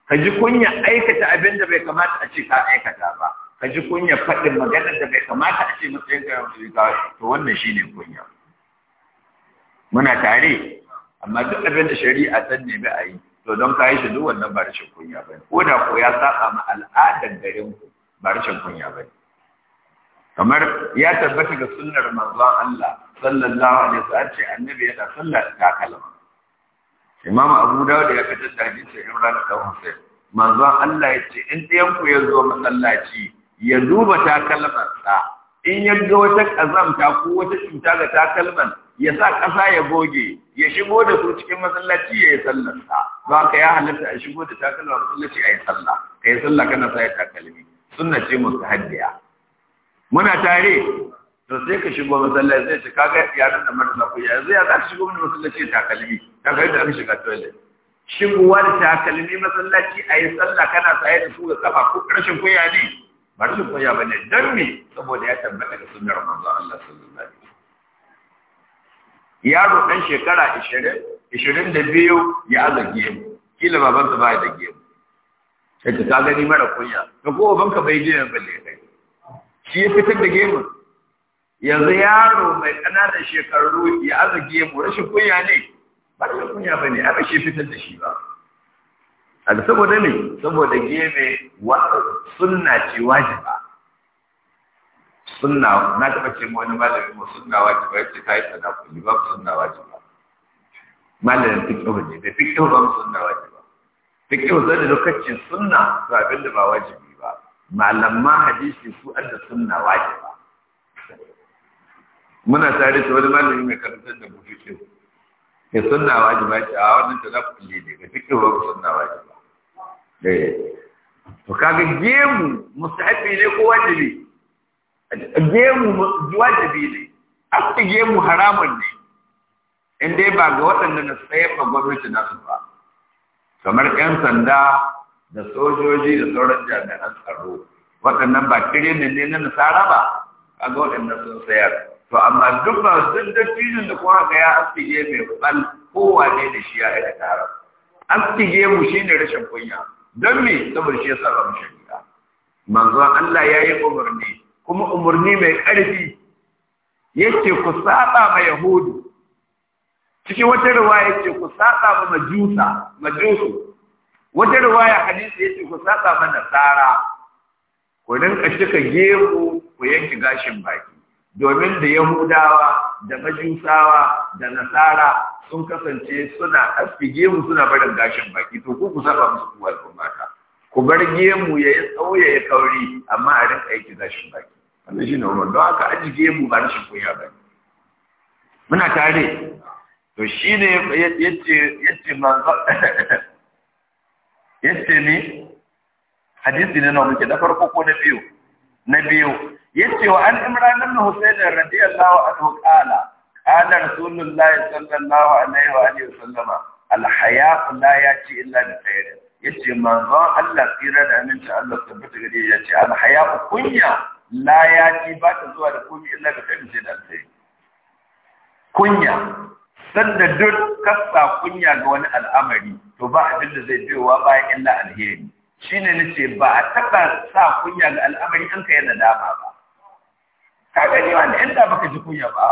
[SPEAKER 1] ka ji kunya aikata abin da bai kamata a ce ka aikata ba ka ji kunya faɗin maganar da bai kamata a ce matsayin ka yau da to wannan shi ne kunya muna tare amma duk abin da shari'a san ne ba a yi to don ka yi shi duk wannan ba rashin kunya ba ne ko da ko ya saba ma al'adar garin ku ba rashin kunya ba ne kamar ya tabbata ga sunnar manzon Allah sallallahu alaihi wasallam ce annabi yana sallar takalma
[SPEAKER 2] Imam Abu Dawud ya
[SPEAKER 1] fitar da hadisi Imran bin Hussein manzon Allah ya ce in ɗayan ku ya zo masallaci ya duba sa. in ya ga wata ƙazamta ko wata cuta ga takalman ya sa ƙasa ya goge ya shigo da su cikin masallaci ya yi sallarsa ba ka ya halatta a shigo da takalma masallaci a yi sallah ka yi sallah kana sa ya takalmi sunna ce musu haddiya muna tare to sai ka shigo masallaci sai ce kaga yaran da marasa ku ya zai ya za ka shigo mana masallaci takalmi takalmi da aka shiga toilet
[SPEAKER 2] shigowar
[SPEAKER 1] takalmi masallaci a yi sallah kana saye da su ga kafa ko rashin kuya ne Bari rashin kunya ba ne don me saboda ya tabbata da sunnar manzo Allah sallallahu alaihi wasallam yaro dan shekara 20 22 ya azage mu kila baban ka baya da gemu sai ka gani mara kunya to ko banka bai je ba ne kai shi ya fitar da gemu yanzu yaro mai ƙananan shekaru ya azage mu rashin kunya ne ba rashin kunya bane aka shi fitar da shi ba Aga saboda ne saboda gefe sunna ce wajiba sunna na taɓa ce wani malami ma sunna wajiba ta yi tsada kulli ba sunna wajiba
[SPEAKER 2] malamin fiqh ne da fiqh ba
[SPEAKER 1] sunna wajiba fiqh sai da lokacin sunna to abin da ba wajibi ba Malamma hadisi su da sunna wajiba muna tare da wani malami mai karantar da mu kyau. ke sunna wajiba ce a wannan tadakkuli ne fi fiqh ba sunna wajiba Eh. to kaga gemu mustahabi ne ko wajibi gemu wajibi ne aski gemu haramun ne in dai ba ga waɗanda na tsaye fa gwamnati na su ba kamar 'yan sanda da sojoji da sauran jami'an tsaro waɗannan ba tirenin ne na nasara ba a ga waɗanda sun tsayar. to amma duk ba duk da filin da kuma ga ya astige mai ban kowa ne da shi ya aikata haram astige mu shine rashin kunya don me saboda shi ya sarrafa shari'a manzo Allah ya yi umarni kuma umarni mai ƙarfi yake ku saba ma yahudu cikin wata riwaya yake ku saba ma majusa majusu wata riwaya hadisi yake ku saba ma nasara ku rinka ka
[SPEAKER 2] gefu
[SPEAKER 1] ku yanki gashin baki domin da yahudawa da majusawa da nasara sun kasance suna aske mu suna barin gashin baki to ku ku saba musu kuwa mata ku bar gemu ya yi tsawo ya yi kauri amma a rinka aiki gashin baki wannan shi ne umar don haka aji gemu ba rashin kunya ba
[SPEAKER 2] muna tare to shi
[SPEAKER 1] ne yace manzo yace ne hadisi ne na muke da farko ko na biyu na biyu yace wa an imran ibn husayn radiyallahu anhu qala qala rasulullahi sallallahu alaihi wa alihi wasallama al haya la yati illa bi khair yace manzon Allah tsira da aminci Allah tabbata gare yace al haya kunya la yati ba ta zuwa da komai illa bi khair sai da alheri kunya sanda duk kasa kunya ga wani al'amari to ba abin da zai biyo biyowa bayan illa alheri shi ne na ce ba a taɓa sa kunya ga al'amari an ka yana dama ba ka gani wanda in da baka ji kunya ba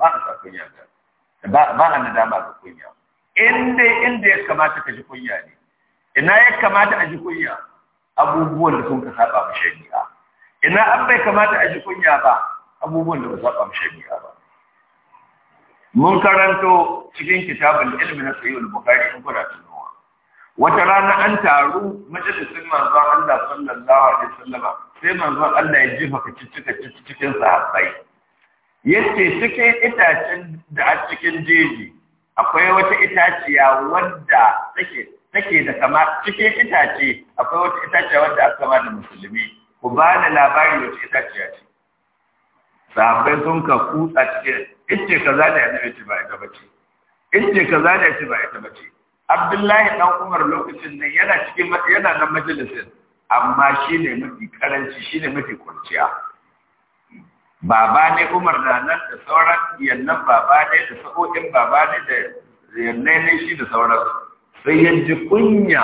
[SPEAKER 1] ba a sa kunya ga ba a na dama ga kunya in dai inda ya kamata ka ji kunya ne ina ya kamata a ji kunya abubuwan da sun ka saba mu shari'a ina an bai kamata a ji kunya ba abubuwan da ba saba mu shari'a ba mun karanto cikin kitabul ilmi na sayyid al-bukhari in kuna wata rana an taru majalisin manzon Allah sallallahu alaihi wasallam sai manzon Allah ya jefa kacicika cikin sahabbai yace cikin itacin da a cikin jeji akwai wata itaciya wadda take take da kama cikin itace akwai wata itaciya wadda aka kama da musulmi ku ba da labari wata itaciya ce sahabbai sun ka kutsa cikin ince kaza da ya ce ba ita bace ince kaza da ya ce ba ita bace Abdullahi ɗan Umar lokacin nan yana cikin yana nan majalisin amma shine mafi karanci shine mafi kurciya baba ne Umar da nan da sauran yannan baba ne da sa'o'in baba ne da yannan ne shi da sauran sai ya ji kunya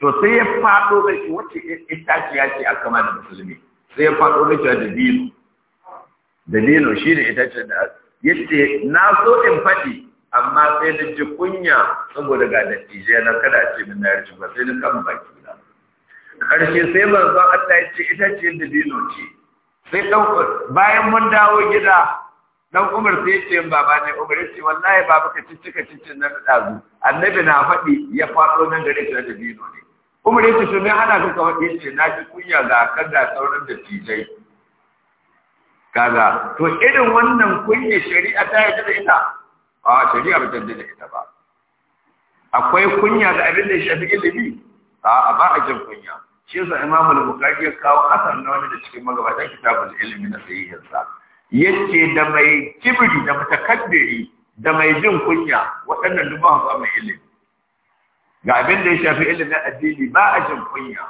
[SPEAKER 1] to sai ya faɗo da shi wacce itaciya ce aka ma da musulmi sai ya faɗo da shi da dino da dino ne itaciya da yace na so in faɗi amma sai na ji kunya saboda ga dattijai na kada ce min na yarci ba sai na kan baki na karshe sai manzo Allah ya ce ita ce dabino ce sai dan bayan mun dawo gida dan Umar sai ya ce baba ne Umar sai ce wallahi baba ka ciccika ciccin na dazu annabi na faɗi ya faɗo nan gare ta dabino ne Umar ya ce to me hana ka kawai ya ce na ji kunya ga kada sauran dattijai kaga to irin wannan kunya shari'a ta yi da ita a shari'a ba da ita ba akwai kunya da abin da ya shafi ilimi a ba a jin kunya shi yasa imamu da bukaki ya kawo asar na wani da cikin magabatan kitabun ilimi na sahihin sa yace da mai kibiri da mutakaddiri da mai jin kunya waɗannan duk ba su mai ilimi ga abin da ya shafi ilimin addini ba a jin kunya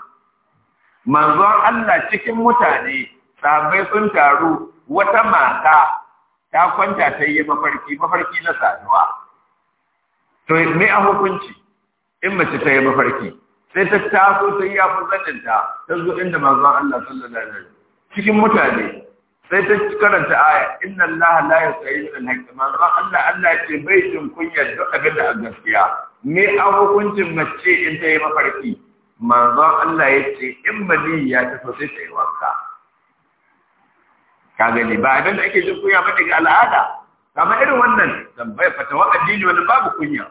[SPEAKER 1] manzon Allah cikin mutane sabai sun taru wata mata ta kwanta ta yi mafarki mafarki na saduwa to me a hukunci in mace ta yi mafarki sai ta taso ta yi a zaninta ta ta zo inda mazan Allah sallallahu alaihi wasallam cikin mutane sai ta karanta aya inna Allah la yusayyid al-haqq manzon Allah Allah ce bai jin kunyar duk abin da a gaskiya me a hukuncin mace in ta yi mafarki manzon Allah ya ce in mali ya tafi sai ta yi wanka ka gani ba abin da ake jin kunya ba daga al'ada kama irin wannan tambayar fatawa addini wani babu kunya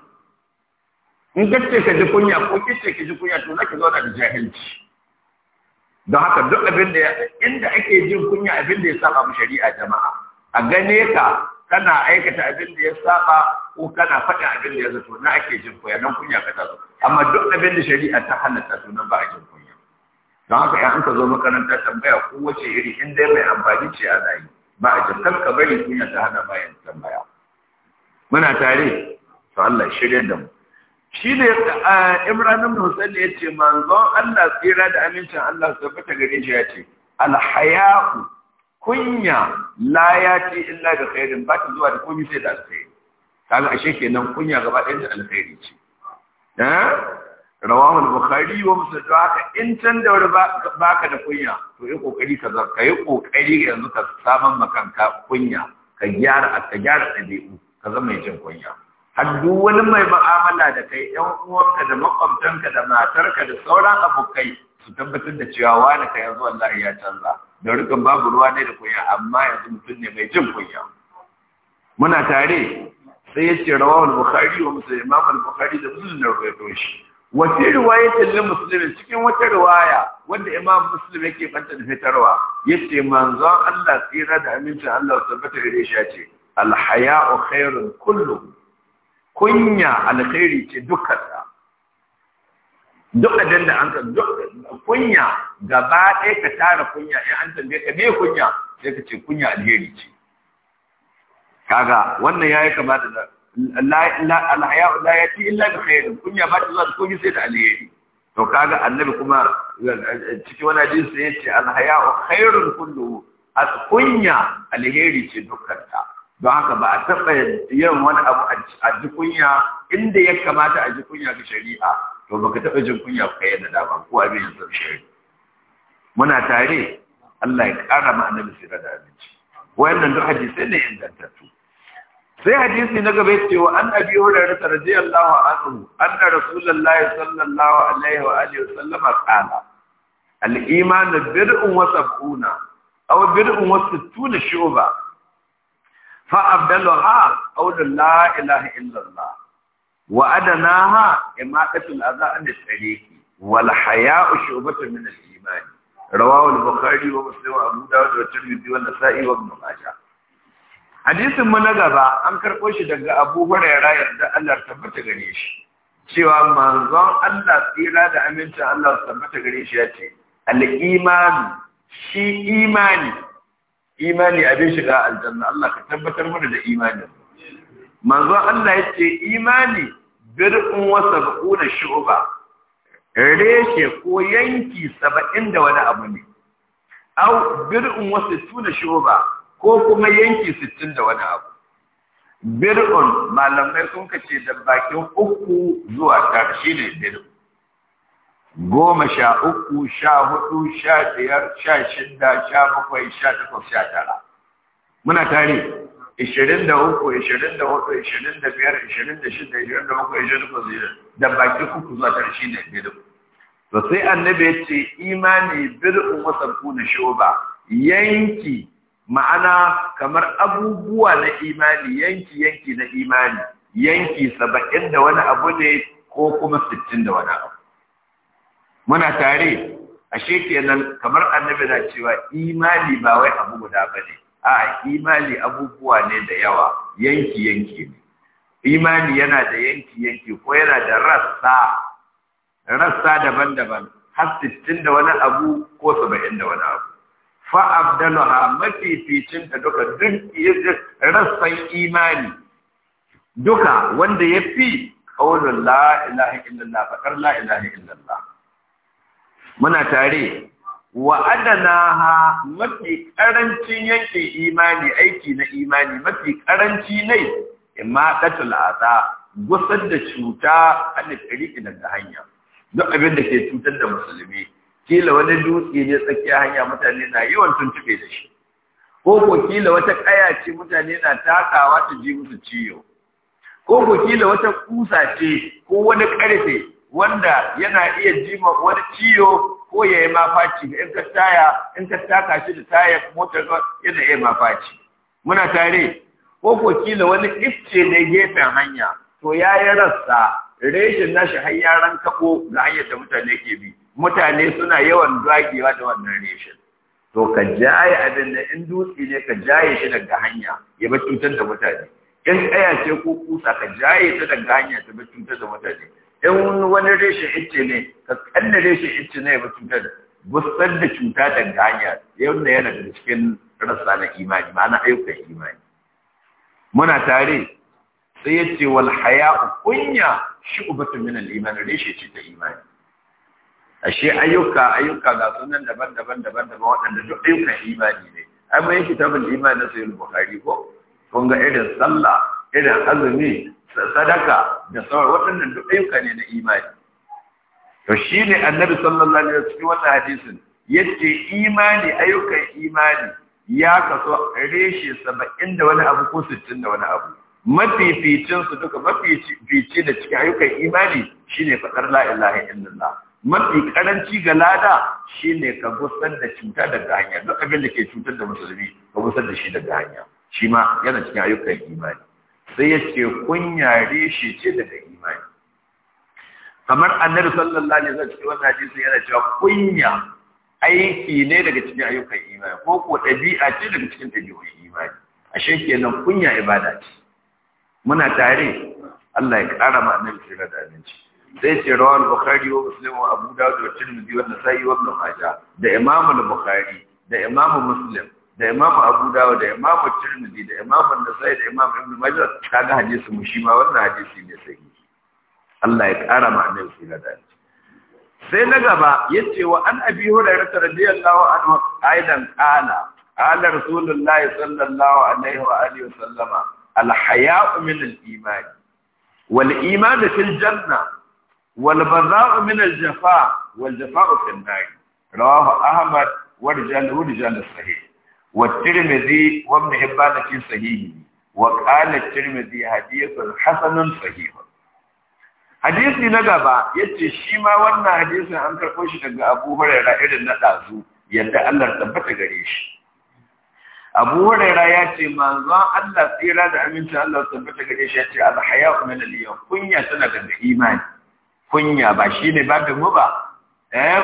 [SPEAKER 2] in ce ka ji kunya
[SPEAKER 1] ko kice ka ji kunya to zaka zauna da jahilci don haka duk abin da inda ake jin kunya abin da ya saba mu shari'a jama'a a gane ka kana aikata abin da ya saba ko kana faɗa abin da ya zato na ake jin kunya nan kunya ka taso amma duk abin da shari'a ta halatta to nan ba a jin kunya don haka ya ka zo makaranta tambaya ko wace iri in mai amfani ce a yi ba a jikar ka bari kunya ta hana bayan tambaya muna tare to Allah shirya da mu shi ne Ibrahim ibn Hussein ya ce manzon Allah tsira da amincin Allah tabbata gare shi ya ce alhaya'u kunya la yati illa bi khairin ba ta zuwa da komai sai da alkhairi kaga ashe kenan kunya gaba ɗaya da alkhairi ce eh? rawahu al-bukhari wa muslim haka in can da wani baka da kunya to yi kokari ka zaka yi kokari yanzu ka saman makanka kunya ka gyara ka gyara dabi'u ka zama mai kunya har duk wani mai mu'amala da kai ɗan uwanka da makwabtanka da matarka da sauran abokai su tabbatar da cewa wani ka yanzu Allah ya canza da rikan babu ruwa ne da kunya amma yanzu mutum ne mai jin kunya muna tare sai yace ce bukhari wa muslim imam bukhari da muslim ne shi wa fi tallin lil cikin wata ruwaya wanda imam muslim yake banta da fitarwa ce manzon Allah tsira da amincin Allah tabbata da shi ce al haya'u khairun kullu kunya alkhairi ce dukkan ta duk da an ka kunya gaba ɗaya ka tara kunya in an tambaye ka me kunya sai ka ce kunya alheri ce kaga wannan yayi kamata da alhaya'u la yati illa bi khairin kunya ba ta zuwa komai sai da alheri to kaga annabi kuma ciki wani hadisi ya ce alhaya'u khairun kulluhu as kunya alheri ce dukkan ta don haka ba a taba yin wani abu a ji kunya inda ya kamata a ji kunya ga shari'a to baka taba jin kunya ka yadda dama ko abin yin zan shari'a muna tare Allah ya kara ma annabi sirar da abinci wayannan duk hadisai ne ingantattu sai hadisi na gaba yace wa an abi hurairah radiyallahu anhu anna rasulullahi sallallahu alaihi wa alihi wa sallama qala al iman bid'un wa sab'una aw bid'un wa sittuna shu'ba fa abdaluha qawlu la ilaha illa allah wa adanaha imaqatul adha an tariqi wal haya'u shu'batun min al iman rawahu al bukhari wa muslim wa abu dawud wa tirmidhi wa nasa'i wa ibn majah hadisin mu na gaba an karɓo shi daga abu hurera yadda Allah tabbata gare shi cewa manzon Allah tsira da aminci Allah tabbata gare shi ya ce al'imani shi imani imani abin shiga aljanna Allah ka tabbatar mana da imani manzon Allah ya ce imani bir'un wa shi uba, reshe ko yanki saba'in da wani abu ne au wasa wa shi uba. ko kuma yanki sittin da wani abu bir'un malamai sun kace da bakin uku zuwa tara shi ne bir'un goma sha uku sha hudu sha biyar sha shida sha bakwai sha takwas sha tara muna tare ishirin da uku ishirin da hudu ishirin da biyar ishirin da shida ishirin da bakwai ishirin da takwas da baki uku zuwa tara shi ne bir'un to sai annabi ya ce imani bir'un wasan kuna shoba yanki ma'ana kamar abubuwa na imani yanki-yanki na imani yanki saba'in da wani abu ne ko kuma sittin da wani abu
[SPEAKER 2] muna tare
[SPEAKER 1] ashe kenan kamar annabi na cewa imani ba wai abu guda ba ne a imani abubuwa ne da yawa yanki-yanki ne imani yana da yanki-yanki ko yana da rassa rassa daban-daban har sittin da wani abu ko saba'in da wani abu fa abdaluha mafificin ta duka duk rassan imani duka wanda ya fi qaulul la'ilahi illallah faqar la'ilahi illallah muna tare wa adanaha mafi karancin yankin imani aiki na imani mafi karanci ne ma qatul asa gusar da cuta a da hanya duk abin da ke cutar da musulmi kila wani dutse ne tsakiya hanya mutane na yawan tuntube da shi ko ko kila wata kaya ce mutane na takawa ta ji musu ciwo ko ko kila wata kusa ce ko wani karfe wanda yana iya ji ma wani ciwo ko ya yi mafaci in ka taya in ka taka shi da taya motar yana iya mafaci muna tare ko ko kila wani ifce ne gefen hanya to ya yi rassa reshen nashi har yaran kabo ga hanyar da mutane ke bi mutane suna yawan dagewa da wannan reshen to ka jaye abin da in dutse ne ka jaye shi daga hanya ya bar cutar da mutane in tsaya ce ko kusa ka jaye ta daga hanya ta bar cutar da mutane in wani reshen ice ne ka kalle reshen ice ne ya bar cutar da busar da cuta daga hanya yadda yana da cikin rasa na imani ma'ana ayyukan imani muna tare sai ya ce wal haya'u kunya shi ubatu min al-iman reshe ce ta imani ashe ayyuka ayyuka ga sunan daban-daban daban-daban waɗanda duk ayyukan imani ne ai mai kitabul imani na sayyid bukhari ko kun ga irin sallah irin azumi sadaka da sauran waɗannan duk ayyuka ne na imani to shine annabi sallallahu alaihi wasallam cikin wannan hadisin yace imani ayyukan imani ya kaso reshe saba'in da wani abu ko sittin da wani abu mafificin su duka mafifici da cikin ayyukan imani shine fadar la ilaha illallah mafi karanci ga lada shine ka gusar da cuta daga hanya duk abin da ke cutar da musulmi ka gusar da shi daga hanya shi ma yana cikin ayyukan imani sai ya ce kunya reshe ce daga imani kamar annabi sallallahu alaihi wasallam cikin wannan hadisi yana cewa kunya aiki ne daga cikin ayyukan imani ko ko dabi'a ce daga cikin dabi'un imani ashe kenan kunya ibada ce muna tare Allah ya kara ma annabi da aminci sai ce rawar bukari wa muslim wa abu dawud wa tirmidhi wa nasa'i wa ibn haja da imam al-bukhari da imam musulman da imam abu dawud da imam tirmidhi da imam nasa'i da imam ibn ta ga hadisi mu mushi ma wannan su ne sai Allah ya kara ma annabi sallallahu da wasallam sai na gaba ce wa an abi hurairah radiyallahu anhu aidan qala qala rasulullah sallallahu alaihi wa alihi wa sallama al haya'u min al iman
[SPEAKER 2] wal iman
[SPEAKER 1] fil janna والبذاء من الجفاء والجفاء في النار رواه أحمد ورجال ورجال الصحيح والترمذي وابن حبان في صحيحه وقال الترمذي حديث حسن صحيح hadisi na gaba yace shi ma wannan hadisin an karɓo shi daga Abu Hurairah irin na dazu yadda Allah tabbata gare shi Abu Hurairah ya ce manzon Allah tsira da aminci Allah tabbata gare shi ya ce al-haya'u min al-yaqin kunya tana daga imani kunya ba shi ne ba mu ba eh,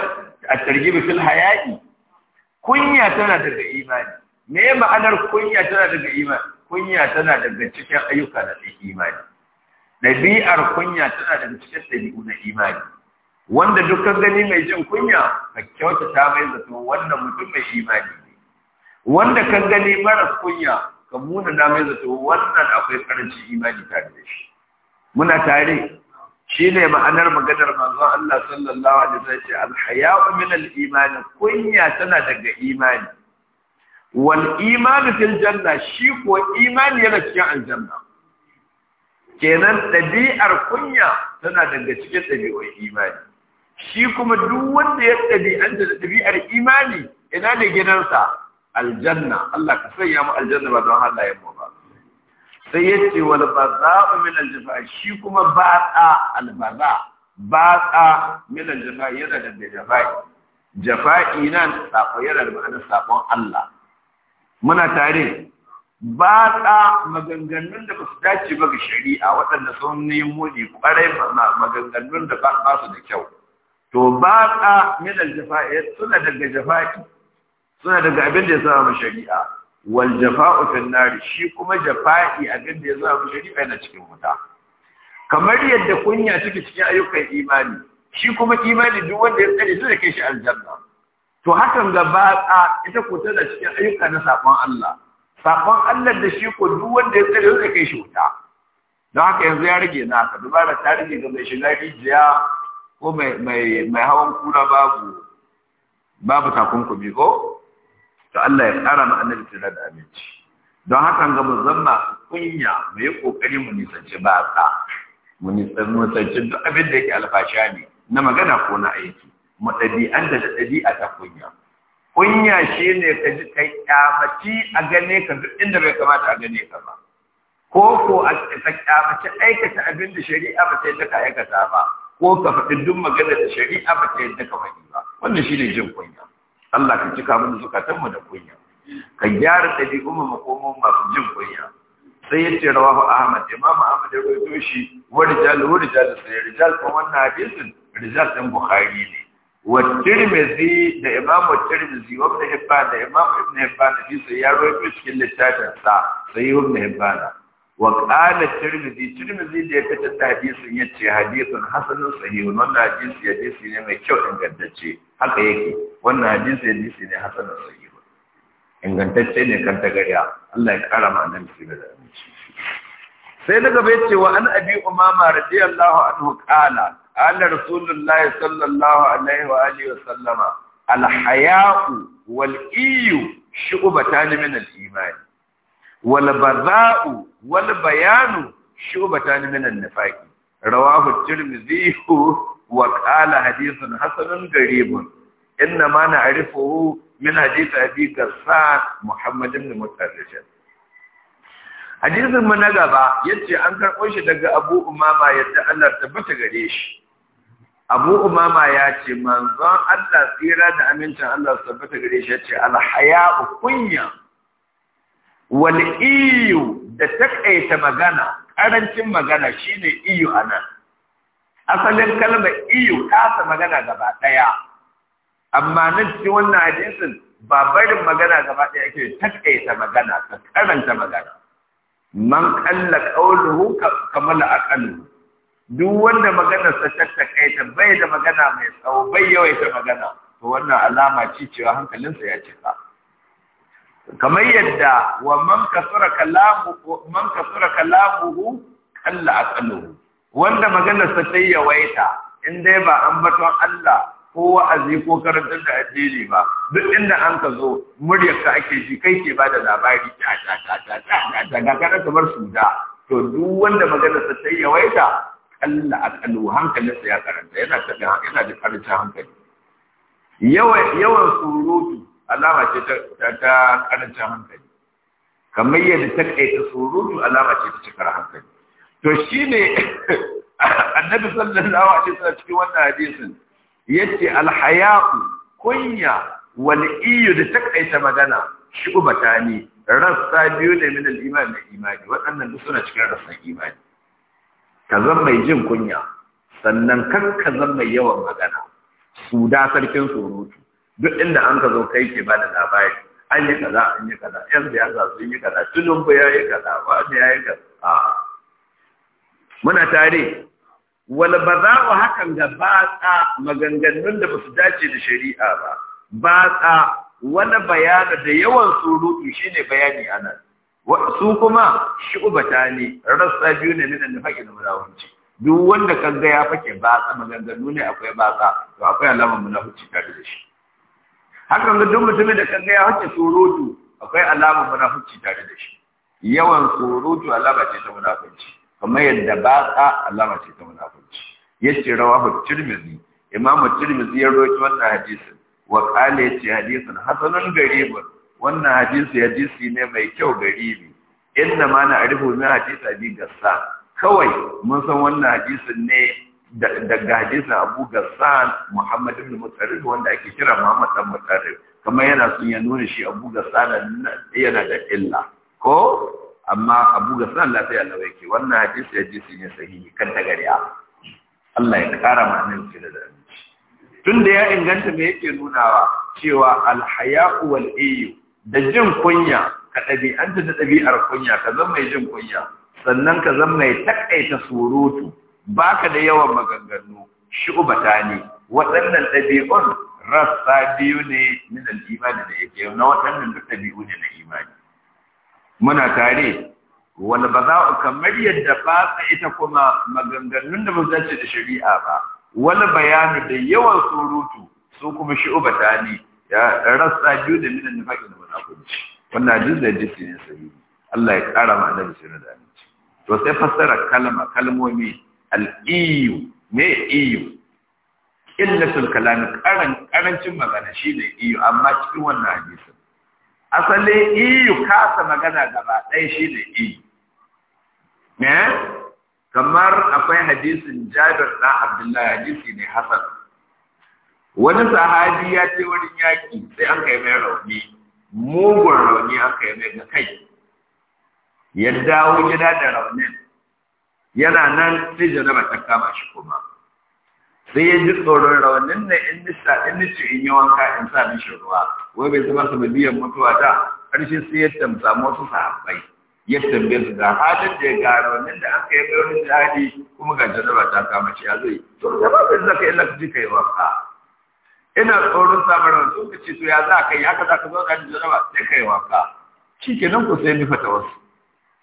[SPEAKER 1] a targi bikin hayaki kunya tana daga imani me ma'anar kunya tana daga imani kunya tana daga cikin ayyuka da imani ɗabi'ar kunya tana daga cikin ɗabi'u na imani wanda dukkan gani mai jin kunya ka ta mai zato wannan mutum mai imani ne wanda kan gani mara kunya ka muna na mai zato wannan akwai karanci imani tare da shi muna tare shi ne ma'anar maganar manzon Allah sallallahu alaihi wasallam ce al-haya'u min al-imani kunya tana daga imani wal imani fil janna shi ko imani yana cikin aljanna kenan ɗabi'ar kunya tana daga cikin ɗabi'ar imani shi kuma duk wanda ya ɗabi'anta da ɗabi'ar imani ina ne gidansa aljanna Allah ka sanya mu aljanna ba don halayen mu ba
[SPEAKER 2] sai ya ce wal
[SPEAKER 1] baza min al jafa shi kuma baza al baza baza min al jafa yana da jafa'i
[SPEAKER 2] jafa'i
[SPEAKER 1] nan sako yana da ma'ana sakon Allah muna tare a maganganun da ba su dace ba ga shari'a waɗanda sun yi muni kwarai maganganun da ba su da kyau to a min al jafa'i suna daga jafa'i suna daga abin da ya saba shari'a wal jafa'u fil nar shi kuma jafa'i abin da ya zo shari'a na cikin wuta kamar yadda kunya take cikin ayyukan imani shi kuma imani duk wanda ya tsare shi da kai shi aljanna to hakan gaba a ita ko tana cikin ayyuka na sakon Allah sakon Allah da shi ko duk wanda ya tsare shi da kai shi wuta don haka yanzu ya rage na ka dubara ta rage ga mai shiga rijiya ko mai hawan kura babu babu takunkumi ko to Allah ya ƙara ma annabi tsira da aminci don hakan ga mu zama kunya mu yi kokari mu nisanci batsa mu nisanci duk abin da yake alfasha ne na magana ko na aiki mu ɗabi'anta da ɗabi'a ta kunya kunya shine ka ji kai kyamaci a gane ka duk inda bai kamata a gane ka ba ko ko a kyamaci aikata abin da shari'a ba ta yadda ka aikata ba ko ka faɗi duk magana da shari'a ba ta yadda ka faɗi ba wannan shine jin kunya Allah ka cika mu zukatanmu da kunya ka gyara ɗabi'un mu makomon masu jin kunya sai yace rawahu ahmad imam ahmad ya rawaito shi wa rijal wa rijal sai rijal ko wannan hadisin rijal din bukhari ne wa tirmidhi da imam tirmidhi wa ibn hibban da imam ibn hibban da shi ya rawaito cikin littafin sa
[SPEAKER 2] sai ibn hibban
[SPEAKER 1] wa qala tirmidhi tirmidhi da ya fitar da hadisin yace hadisin hasanun sahihun wannan hadisi hadisi ne mai kyau ingantacce haka yake wannan hadisi hadisi ne hasan da sahihu ingantacce ne kan tagariya Allah ya kara ma nan shi da sai na gaba yace wa an abi umama radiyallahu anhu qala qala rasulullahi sallallahu alaihi wa alihi wa sallama al haya'u wal iyu shu'batan min al iman wal badha'u wal bayanu shu'batan min an nifaq rawahu tirmidhi wa qala hadithun hasanun garibun inna ma na'rifuhu min hadith abi gassan muhammad ibn mutarrij hadisin mu na gaba yace an karɓo shi daga abu umama yadda Allah tabbata gare shi abu umama ya ce manzon Allah tsira da amincin Allah tabbata gare shi yace alhaya'u kunya wal iyu da takaita magana ƙarancin magana shine iyu anan asalin kalmar iyo e kasa magana gaba daya amma na cikin wannan hadisin ba barin magana gaba ɗaya ake takaita magana ta karanta magana man kalla qawluhu kamala aqal duk wanda maganarsa ta takaita bai da magana mai tsawo bai yawaita magana to wannan alama ce cewa hankalinsa ya cika kamar yadda wa man kasura kalamu man kasura kalamuhu kalla aqaluhu wanda maganarsa ta yawaita in dai ba ambaton Allah ko wa'azi ko karantar da addini ba duk inda an ka zo muryarka ake ji kai ke ba da labari ta ta ta ta ta ta ga ta ka bar su da to duk wanda maganarsa ta yawaita Allah akalu hankalinsa ya karanta yana da yana da karancin hankali yawan surutu alama ce ta ta karancin hankali
[SPEAKER 2] kamar yadda ta
[SPEAKER 1] kaita surutu alama ce ta cikar hankali to shi ne annabi sallallahu alaihi wasallam cikin wannan hadisin yace alhaya'u kunya wal iyo da takaita magana shubatani rassa biyu ne min al-iman da imani waɗannan duk suna cikin rassan imani ka zan mai jin kunya sannan kan kazan zan mai yawan magana su da sarkin surutu duk inda an ka zo kai ke ba da labari an yi kaza an yi kaza yan siyasa sun yi kaza tunun ba ya yi kaza ba ne ya yi kaza muna tare wal baza'u hakan ga batsa maganganun da basu dace da shari'a ba batsa wani bayana da yawan surutu shine bayani anan su kuma shu'bata ne rassa biyu ne na nufaki da munafunci duk wanda kaga ya fake batsa maganganu ne akwai batsa to akwai alamar huci tare da shi hakan ga duk mutumin da kaga ya fake surutu akwai alamar huci tare da shi yawan surutu alama ce ta munafunci kamar yadda ba batsa alama ce ta munafurci Ya rawa rawahu tirmidhi imamu tirmidhi ya roƙi wannan hadisin wa ƙale ce hadisin hasanun garib wannan hadisi hadisi ne mai kyau garibi inda ma na arifu min hadisa bi gasa. kawai mun san wannan hadisin ne daga hadisin Abu gasa Muhammad ibn mutarif wanda ake kira Muhammad ibn kamar yana sun ya nuna shi Abu gasa yana da illa ko amma abu ga san lafiya lawa yake wannan hadisi hadisi ne sahihi kan ta gariya Allah ya kara ma'anin annabi da aminci tun da ya inganta me yake nunawa cewa alhaya'u wal iyu da jin kunya ka ɗabi'anta da ɗabi'ar kunya ka zama mai jin kunya sannan ka zama mai takaita surutu baka da yawan maganganu shubata ne waɗannan ɗabi'un rassa biyu ne na imani da yake na waɗannan duk ɗabi'u ne na imani muna tare wal baza'u kamar yadda ba ita kuma maganganun da ba za da shari'a ba wani bayanu da yawan surutu su kuma shuba ne ya rasa biyu da minan nifaqi da munafiqi wannan jin da jiki ne sai Allah ya kara ma annabi sirri da aminci to sai fassara kalma kalmomi al-iyu me iyu illatul kalam karan karancin magana shine iyu amma cikin wannan hadisi asalin iyu e, kasa magana gaba ɗaya shi ne iyu ne kamar akwai hadisin jabir na abdullahi hadisi ne hasan wani sahabi ya ce wani yaƙi sai an kai mai rauni mugun rauni an kai mai ga kai ya dawo gida da raunin yana nan sai janaba ta kama shi kuma sai ya ji tsoron raunin na in nisa in nice in yi wanka in sa mishi ruwa wai bai zama sanadiyan mutuwa ta ƙarshe sai ya samu wasu sahabbai ya tambaye su da halin da ya gano nan da aka yi ɗaurin jihadi kuma ga jaraba ta kama shi ya zai to da ba zai zaka yi lafi kai wanka ina tsoron samar da sun kace to ya za ka yi haka za ka zo ka jaraba sai kai wanka shi nan ku sai ni fata wasu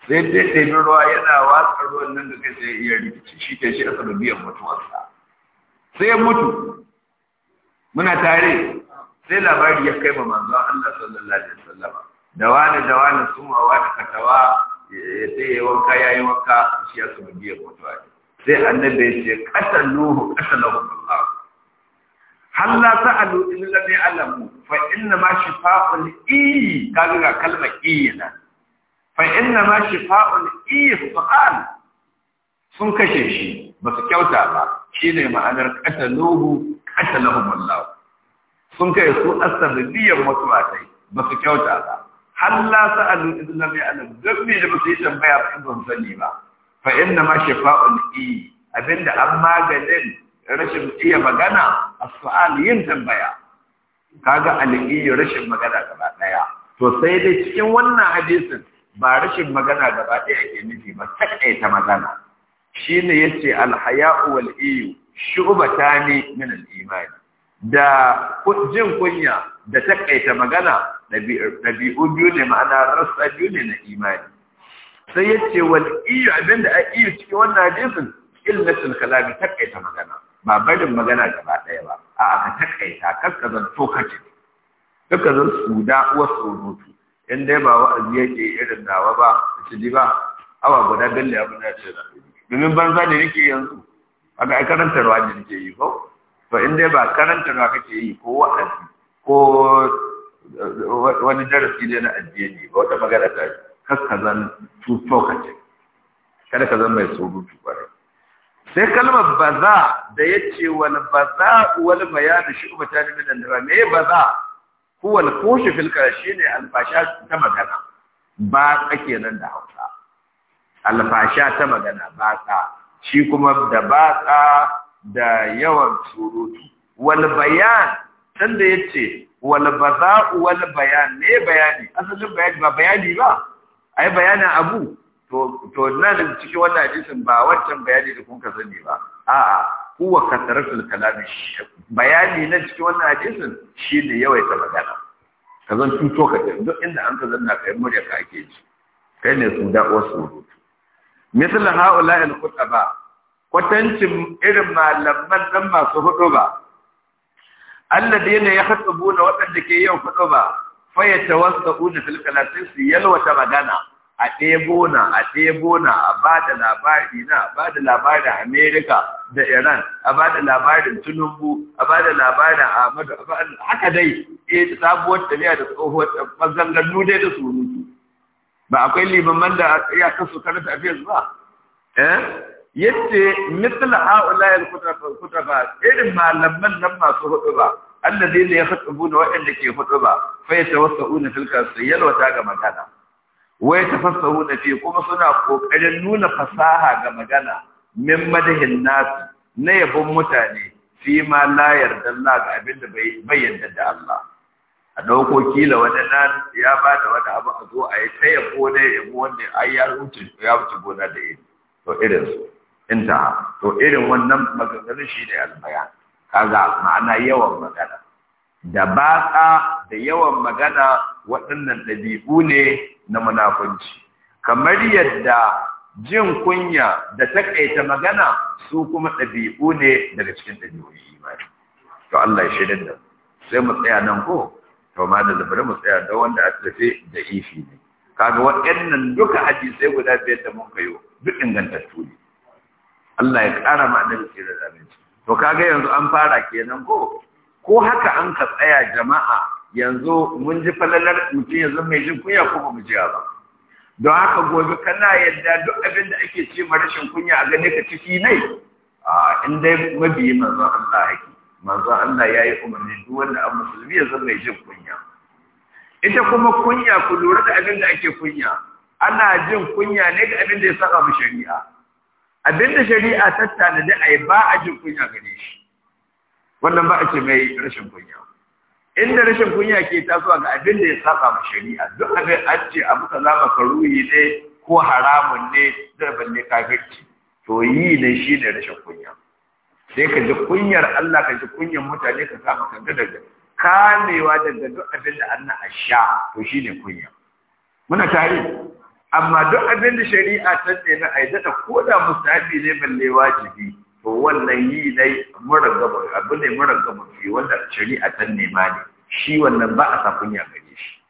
[SPEAKER 1] sai dai ɗaiɗin ruwa yana watsa ruwan nan da kai sai iya rikici shi ke shi a mutuwarsa sai mutu muna tare sai labari ya kai ma manzon Allah sallallahu alaihi wasallam da wani da wani sun wa da katawa ya sai ya wanka ya yi wanka shi ya su biya mutuwa sai annabi ya ce qataluhu qatalahu Allah halla sa'alu illa bi alamu fa inna ma shifa'ul iyi kaga ga kalmar iyi nan fa inna ma shifa'ul iyi faqal sun kashe shi ba su kyauta ba shine ma'anar qataluhu qatalahum Allah sun kai su asabiyyan mutuwa kai ba su kyauta ba halla sa'alu idan lam ya'lam dan me da ba su yi tambaya ba in ban sani ba fa inna ma shifa'un i abinda an maganin rashin iya magana a sual yin tambaya kaga al rashin magana gaba daya to sai dai cikin wannan hadisin ba rashin magana gaba daya yake nufi ba takaita magana shine yace al-haya'u wal-i shubatani min al-imani da jin kunya da takaita magana ɗabi'u biyu ne ma'ana rasa biyu ne na imani sai ya ce wani iyo abinda a iyo ciki wannan hadisin ilmatul kalami takaita magana ba barin magana gaba ɗaya ba a'a ka takaita kaskazan tokacin kaskazan suda wasu rubutu in dai ba wa'azi yake irin nawa ba a ciki ba awa guda da ya ce da domin banza da nake yanzu a ga karanta rawa ke yi ba. to in dai ba karanta na kake yi ko wa'azi ko eh, wani darasi ne na addini ba wata magana ta kar ka zan tuto ka ce kada ka zan mai surutu bare sai kalmar baza da ya ce wal baza wal bayan shi uba ta da ba me baza huwa wal kushi fil shi ne alfasha ta magana ba tsake nan da hausa
[SPEAKER 2] alfasha ta
[SPEAKER 1] magana ba shi kuma da ba da yawan surutu wal bayan da yace wal baza wal bayan ne bayani asalin bayani ba bayani ba ai bayanin abu to to da cikin wannan hadisin ba wancan bayani da kun ka sani ba a'a kuwa kasaratul kalami bayani na cikin wannan hadisin yawai yawaita magana ka zan tuto ka ce duk inda an ka zanna kai murya ka ake ji kai ne su da wasu misal haula al qutaba kwatancin irin malaman dan masu hudu ba alladina Buna waɗanda ke yin hudu ba wasu fil kalasin su yalwata magana a ɗebona a ɗebona a ba da labari na a ba da labarin Amerika da Iran a ba da labarin Tinubu a ba da labarin Ahmadu haka dai eh sabuwar tafiya da tsohuwar mazangannu dai da surutu ba akwai limaman da ya kasu karanta a ba eh Yadda misal haula al kutaba irin malaman nan masu hudu ba ya la yakhtubuna wa'anda ke hudu ba fa yatawassauna fil kasiyal wa ta magana fi kuma suna kokarin nuna fasaha ga magana min madahin nasu na yabon mutane fi ma la yarda Allah ga abin bai bayyana da Allah a dauko kila wani nan ya ba da abu a zo a yi ta yabo ne yabo wanda ai ya rutu ya rutu gona da yi to irin su inta to irin wannan maganganun shi ne albaya kaga ma'ana yawan magana da baka da yawan magana waɗannan ɗabi'u ne na munafunci kamar yadda jin kunya da takaita magana su kuma ɗabi'u ne daga cikin ɗabi'un imani to Allah ya shirin da sai mu tsaya nan ko to ma da zubar mu tsaya da wanda a tafi da ifi ne kaga waɗannan duka sai guda biyar da mun kayo duk ingantattu ne Allah ya ƙara ma annabi da abinci to kaga yanzu an fara kenan ko ko haka an ka tsaya jama'a yanzu mun ji falalar mutum yanzu mai jin kunya ko ba mu ji ba don haka gobe kana yadda duk abin da ake ce ma rashin kunya a gane ka ciki ne a in dai mabiyi manzo Allah yake manzo Allah yayi umarni duk wanda an musulmi yanzu mai jin kunya ita kuma kunya ku lura da abin da ake kunya ana jin kunya ne ga abin da ya saka mu shari'a abinda shari'a ta tanadi ai ba a jin kunya gare shi wannan ba a ce mai rashin kunya inda rashin kunya ke tasowa ga abinda ya saba ma shari'a duk abin an ce abu kaza makaruhi ne ko haramun ne zai ne kafirci to yi ne shi ne rashin kunya sai ka ji kunyar Allah ka ji kunyar mutane ka kama kanka daga kamewa daga duk abin da Allah a sha to shi ne kunya muna tare amma duk abin da shari'a ta ce na aidata ko da musafi ne balle wajibi to wannan yi dai gaba abu ne gaba fi wanda shari'a ta nema ne shi wannan ba a sa kunya gare shi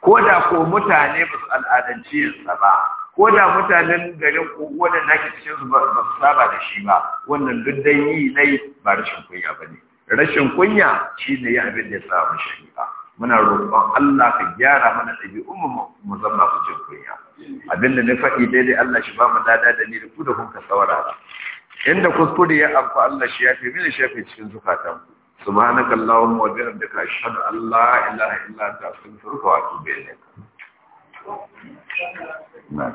[SPEAKER 1] ko da ko mutane ba su al'adance yinsa ba ko da mutanen garin ko wanda nake cikin su ba su saba da shi ba wannan duk dai yi dai ba rashin kunya bane rashin kunya shine ya abin da ya samu shari'a muna roƙon Allah ka gyara mana ɗabi'un mu mu zama su jin kunya Abinda na faɗi daidai Allah shi ba mu dada da ni da ku da kunka tsawara. inda kuskure ya amfa Allah shi ya fi mini shafe cikin zukatan subhanaka allahumma wa bihamdika ashhadu an la ilaha illa anta astaghfiruka wa atubu ilayk